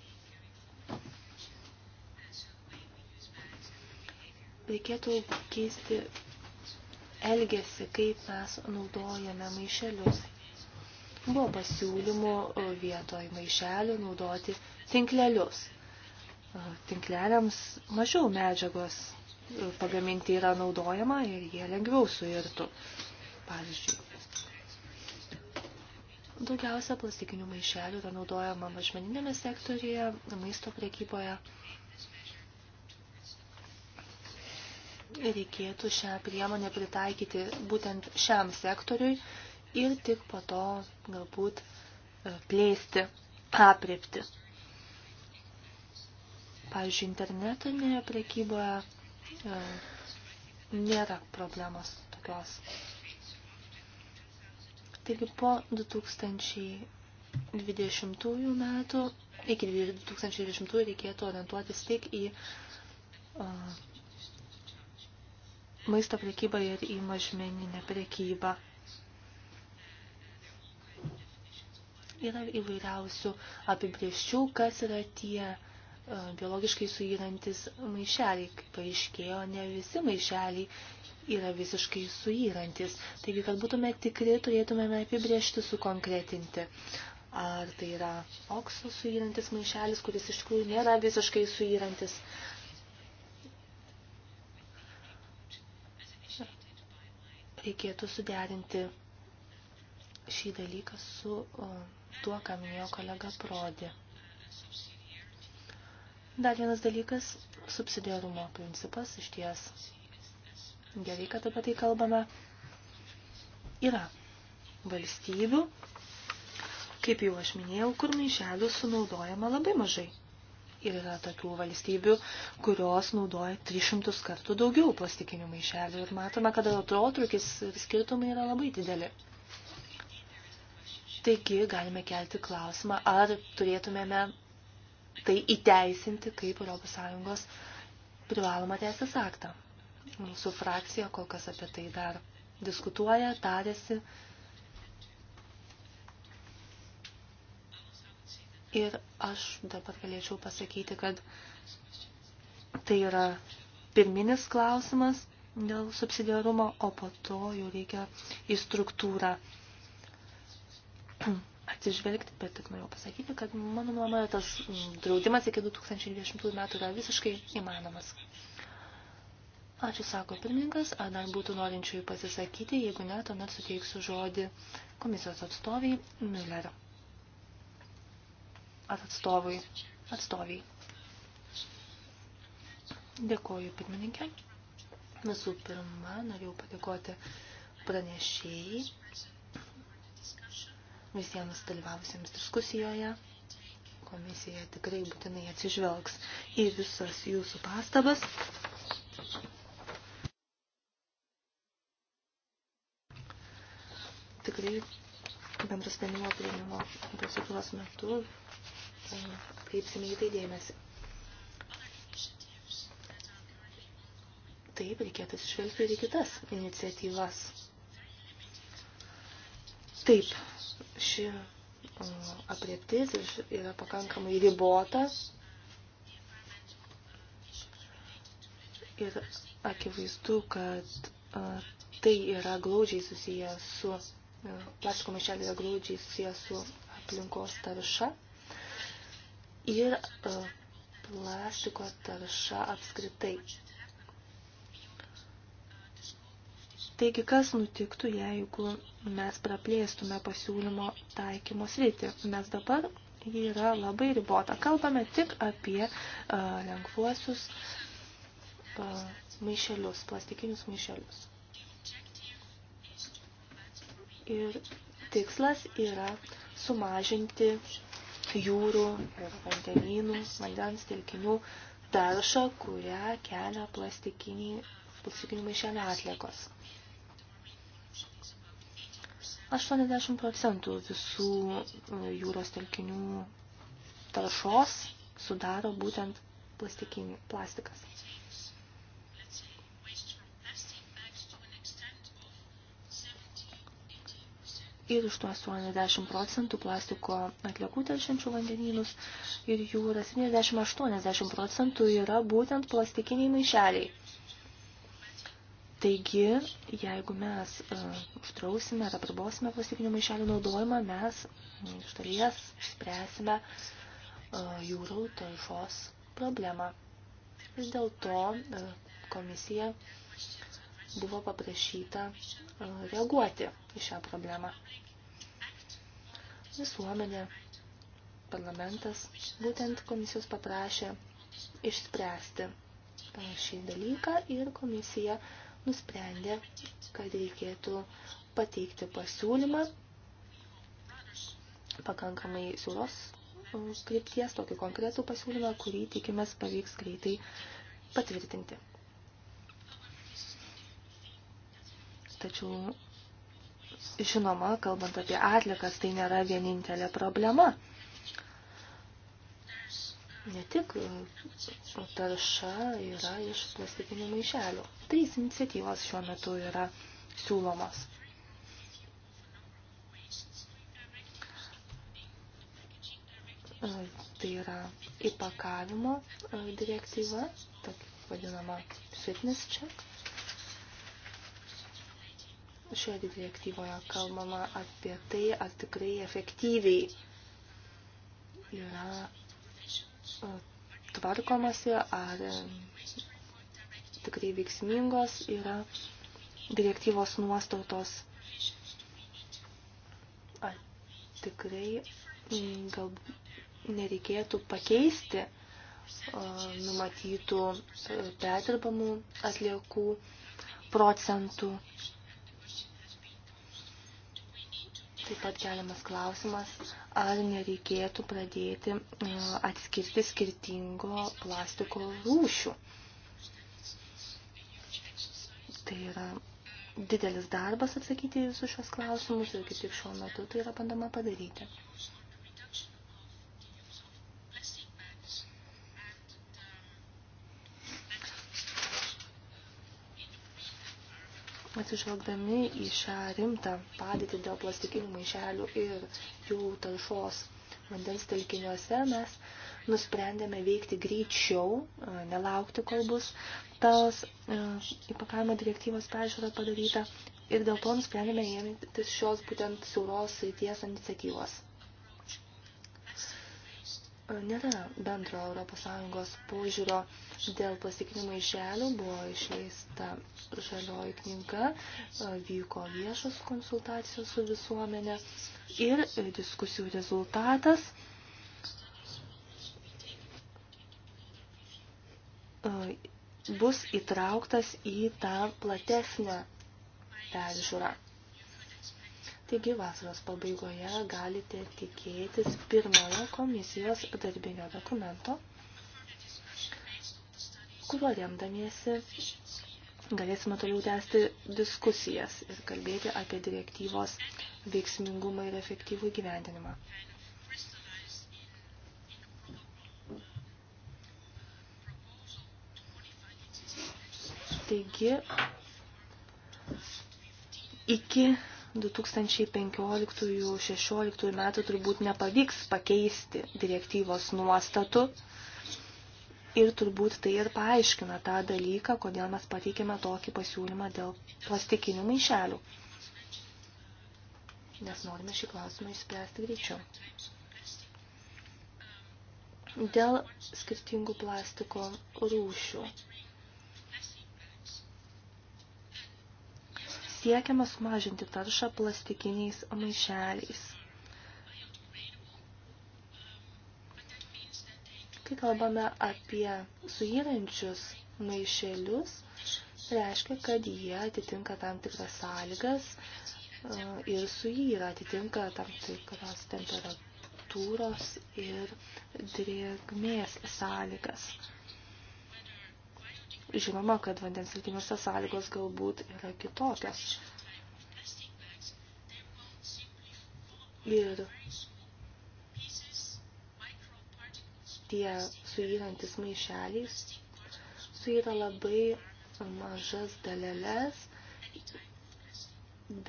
reikėtų keisti elgesį, kaip mes naudojame maišelius. Buvo pasiūlymų e, vietoj maišelių naudoti tinklelius. E, tinkleliams mažiau medžiagos e, pagaminti yra naudojama ir jie lengviau suirtų. Pavyzdžiui, daugiausia plastikinių maišelių yra naudojama mažmeninėme sektorija, maisto prekyboje. reikėtų šią priemonę pritaikyti būtent šiam sektoriui ir tik po to galbūt e, plėsti aprepti. Pavyzdžiui, internetinėje prekyboje e, nėra problemos tokios. Taigi po 2020 metų, iki 2020 reikėtų orientuotis tik į uh, maisto prekybą ir į mažmeninę prekybą. Yra įvairiausių apibrieščių, kas yra tie e, biologiškai suyrantis maišeliai. Kaip paaiškėjo, ne visi maišeliai yra visiškai suyrantis. Taigi, kad būtume tikri, turėtumėme apibriežti, sukonkretinti. Ar tai yra okso suyrantis maišelis, kuris iš tikrųjų nėra visiškai suyrantis, reikėtų suderinti šį dalyką su tuo, ką minėjo kolega Prodė. Dar vienas dalykas – subsidiarumo principas iš ties. Gerai, kad apie tai kalbame. Yra valstybių, kaip jau aš minėjau, kur maišelių sunaudojama labai mažai – Ir yra tokių valstybių, kurios naudoja 300 kartų daugiau plastikinių maišelių. Ir matome, kad atotrukis ir skirtumai yra labai dideli. Taigi galime kelti klausimą, ar turėtumėme tai įteisinti kaip ES privalomą teisės aktą. Mūsų frakcija kol kas apie tai dar diskutuoja, tarėsi Ir aš dabar galėčiau pasakyti, kad tai yra pirminis klausimas dėl subsidiarumo, o po to jau reikia į struktūrą atsižvelgti, bet tik noriu pasakyti, kad mano nuomonė tas draudimas iki 2020 metų yra visiškai įmanomas. Ačiū, sako pirmininkas, ar dar būtų norinčiųjų pasisakyti, jeigu ne, tuomet suteiksiu žodį komisijos atstoviai Millerio atstovui, atstoviai. Dėkoju pirmininkė. Visų pirma, norėjau padėkoti pranešėjai visiems dalyvavusiems diskusijoje. Komisija tikrai būtinai atsižvelgs į visas jūsų pastabas. Tikrai bendras sprendimo prieimimo procedūros metu kreipsime į tai dėmesį. Taip, reikėtų atsižvelgti ir į kitas iniciatyvas. Taip, ši apreptis yra pakankamai ribota ir akivaizdu, kad tai yra glaudžiai susiję su plastiko maišeliai yra glaudžiai susiję su aplinkos tarša ir e, plastiko tarša apskritai. Taigi, kas nutiktų, jeigu mes praplėstume pasiūlymo taikymo sritį? Mes dabar jį yra labai ribota. Kalbame tik apie uh, lengvuosius uh, maišelius, plastikinius maišelius. Ir tikslas yra sumažinti uh, jūrų ir vandenynų, vandens telkinių taršą, kurią kelia plastikiniai, plastikinių maišelio atliekos. 80 procentų visų e, jūros telkinių taršos sudaro būtent plastikinis plastikas. ir iš to 80 procentų plastiko atliekų teršiančių vandenynus ir jūrą 70-80 procentų yra būtent plastikiniai maišeliai. Taigi, jeigu mes uh, uždrausime ar apribosime plastikinių maišelių naudojimą, mes iš dalies spręsime uh, e, jūrų taršos problemą. Ir dėl to uh, e, komisija buvo paprašyta reaguoti į šią problemą visuomenė, parlamentas, būtent komisijos paprašė išspręsti šį dalyką ir komisija nusprendė, kad reikėtų pateikti pasiūlymą pakankamai siūros krypties, tokį konkretų pasiūlymą, kurį tikimės pavyks greitai patvirtinti. Tačiau Žinoma, kalbant apie atlikas, tai nėra vienintelė problema. Ne tik e, tarša yra iš plastikinių maišelių. Trys iniciatyvos šiuo metu yra siūlomos. E, tai yra įpakavimo e, direktyva, tokia vadinama fitness check Šioje direktyvoje kalbama apie tai, ar tikrai efektyviai yra e, tvarkomasi, ar e, tikrai veiksmingos yra direktyvos nuostatos, ar tikrai mm, galbūt nereikėtų pakeisti e, numatytų perdirbamų atliekų procentų Taip pat keliamas klausimas, ar nereikėtų pradėti e, atskirti skirtingo plastiko rūšių. Tai yra didelis darbas atsakyti į visus šios klausimus ir kaip tik šiuo metu tai yra bandoma padaryti. Atsižvelgdami į šią rimtą padėtį dėl plastikinių maišelių ir jų taršos vandens telkiniuose, mes nusprendėme veikti greičiau, nelaukti, kol bus tas įpakavimo direktyvos peržiūra padaryta ir dėl to nusprendėme ėmtis šios būtent siauros srities iniciatyvos. E, nėra bendro ES požiūrio dėl plastikinių maišelių, buvo išleista žalioji knyga, e, vyko viešos konsultacijos su visuomenė ir diskusijų rezultatas e, bus įtrauktas į tą platesnę peržiūrą. Taigi vasaros pabaigoje galite tikėtis pirmojo komisijos darbinio dokumento, kuriuo remdamiesi galėsime toliau tęsti diskusijas ir kalbėti apie direktyvos veiksmingumą ir efektyvų gyvendinimą. Taigi, iki 2015-2016 metų turbūt nepavyks pakeisti direktyvos nuostatų ir turbūt tai ir paaiškina tą dalyką, kodėl mes pateikėme tokį pasiūlymą dėl plastikinių maišelių. Nes norime šį klausimą išspręsti greičiau. Dėl skirtingų plastiko rūšių siekiama sumažinti taršą plastikiniais maišeliais. Kai kalbame apie suyrančius maišelius, reiškia, kad jie atitinka tam tikras sąlygas e, ir suyra, atitinka tam tikros temperatūros ir drėgmės sąlygas. Žinoma, kad vandens telkiniuose sąlygos galbūt yra kitokios. Ir tie suyrantis maišeliais suyra labai mažas daleles,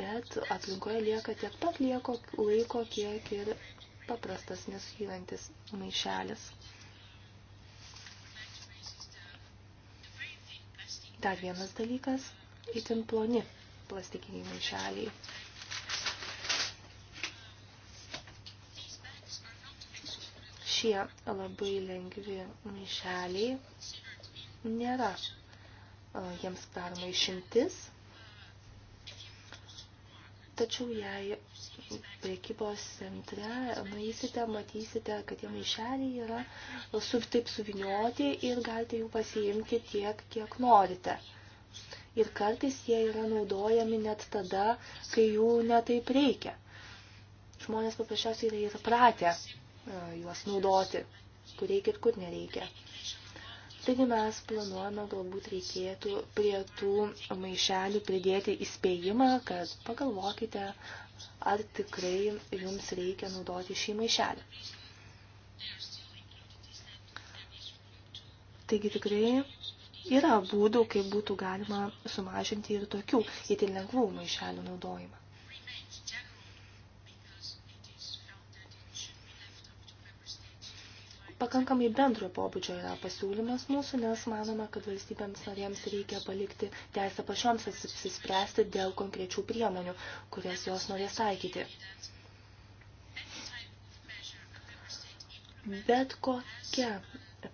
bet aplinkoje lieka tiek pat lieko laiko, kiek ir paprastas nesuyrantis maišelis. Dar vienas dalykas, itin ploni plastikiniai maišeliai. Šie labai lengvi maišeliai nėra jiems daroma išimtis, tačiau jei prekybos centre nueisite, matysite, kad tie maišeliai yra su, taip suvinioti ir galite jų pasiimti tiek, kiek norite. Ir kartais jie yra naudojami net tada, kai jų netaip reikia. Žmonės paprasčiausiai yra įpratę e, juos naudoti, kur reikia ir kur nereikia. Taigi mes planuojame, galbūt reikėtų prie tų maišelių pridėti įspėjimą, kad pagalvokite, ar tikrai jums reikia naudoti šį maišelį. Taigi tikrai yra būdų, kaip būtų galima sumažinti ir tokių itin lengvų maišelių naudojimą. Pakankamai bendro pobūdžio yra pasiūlymas mūsų, nes manoma, kad valstybėms narėms reikia palikti teisę pačioms apsispręsti dėl konkrečių priemonių, kurias jos norės taikyti. bet kokia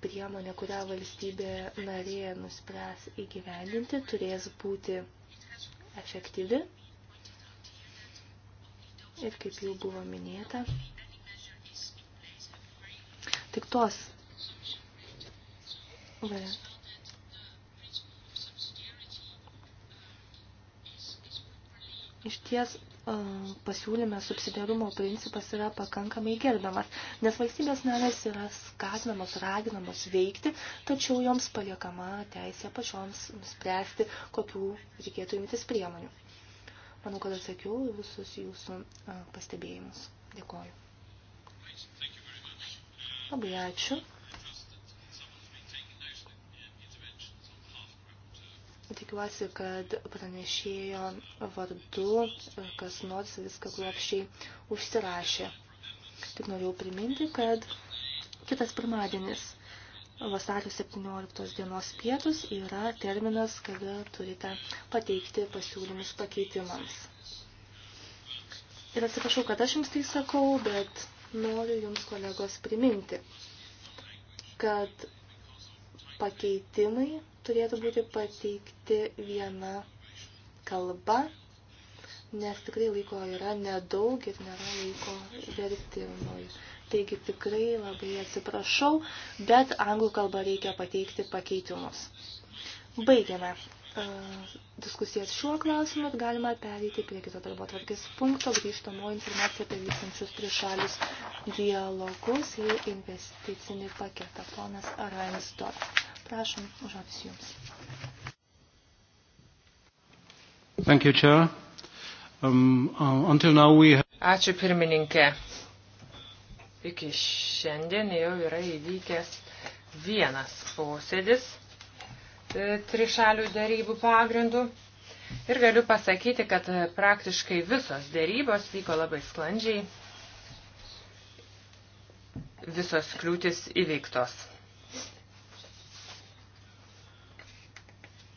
priemonė, kurią valstybė narė nuspręs įgyvendinti, turės būti efektyvi. Ir kaip jau buvo minėta, tik tos Iš ties pasiūlyme subsidiarumo principas yra pakankamai gerbiamas, nes valstybės narės yra skatinamos, raginamos veikti, tačiau joms paliekama teisė pačioms spręsti, kokių reikėtų imtis priemonių. Manau, kad atsakiau visus jūsų pastebėjimus. Dėkuoju. Labai ačiū. Tikiuosi, kad pranešėjo vardu, kas nors viską kruopščiai užsirašė. Tik norėjau priminti, kad kitas pirmadienis vasario 17 dienos pietus yra terminas, kada turite pateikti pasiūlymus pakeitimams. Ir atsiprašau, kad aš jums tai sakau, bet noriu Jums, kolegos, priminti, kad pakeitimai turėtų būti pateikti viena kalba, nes tikrai laiko yra nedaug ir nėra laiko vertimui. Taigi tikrai labai atsiprašau, bet anglų kalba reikia pateikti pakeitimus. Baigiame E, diskusijas šiuo klausimu ir galima pereiti prie kito darbo tvarkės punkto grįžtamo informaciją apie vykstančius trišalius dialogus ir investicinį paketą. Ponas Rainsdorf, prašom žodis Jums. Thank you, Chair. Um, uh, until now we have... Ačiū pirmininkė. Iki šiandien jau yra įvykęs vienas posėdis E, trišalių dėrybų pagrindų. Ir galiu pasakyti, kad e, praktiškai visos dėrybos vyko labai sklandžiai, visos kliūtis įveiktos.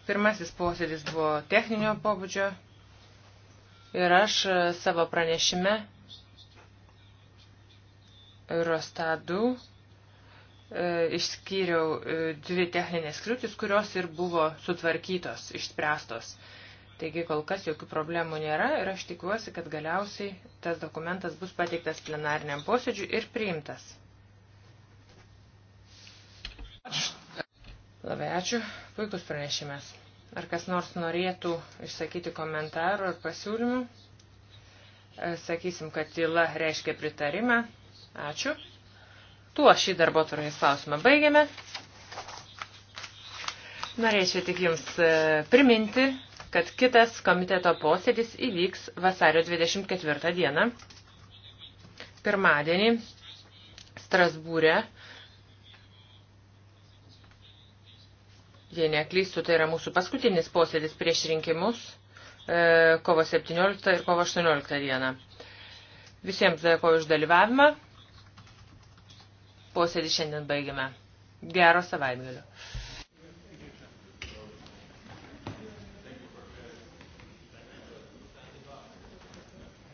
Pirmasis posėdis buvo techninio pobūdžio ir aš e, savo pranešime Rostadų E, išskyriau e, dvi techninės kliūtis, kurios ir buvo sutvarkytos, išspręstos. Taigi kol kas jokių problemų nėra ir aš tikiuosi, kad galiausiai tas dokumentas bus pateiktas plenariniam posėdžiui ir priimtas. Labai ačiū, puikus pranešimas. Ar kas nors norėtų išsakyti komentarų ar pasiūlymų? E, sakysim, kad tyla reiškia pritarimą. Ačiū. Tuo šį darbo turės klausimą baigiame. Norėčiau tik Jums e, priminti, kad kitas komiteto posėdis įvyks vasario 24 dieną, pirmadienį, Strasbūrė. Jei neklystu, tai yra mūsų paskutinis posėdis prieš rinkimus e, kovo 17 ir kovo 18 dieną. Visiems dėkoju už dalyvavimą. Posėdį šiandien baigime. Gero savaitgalio.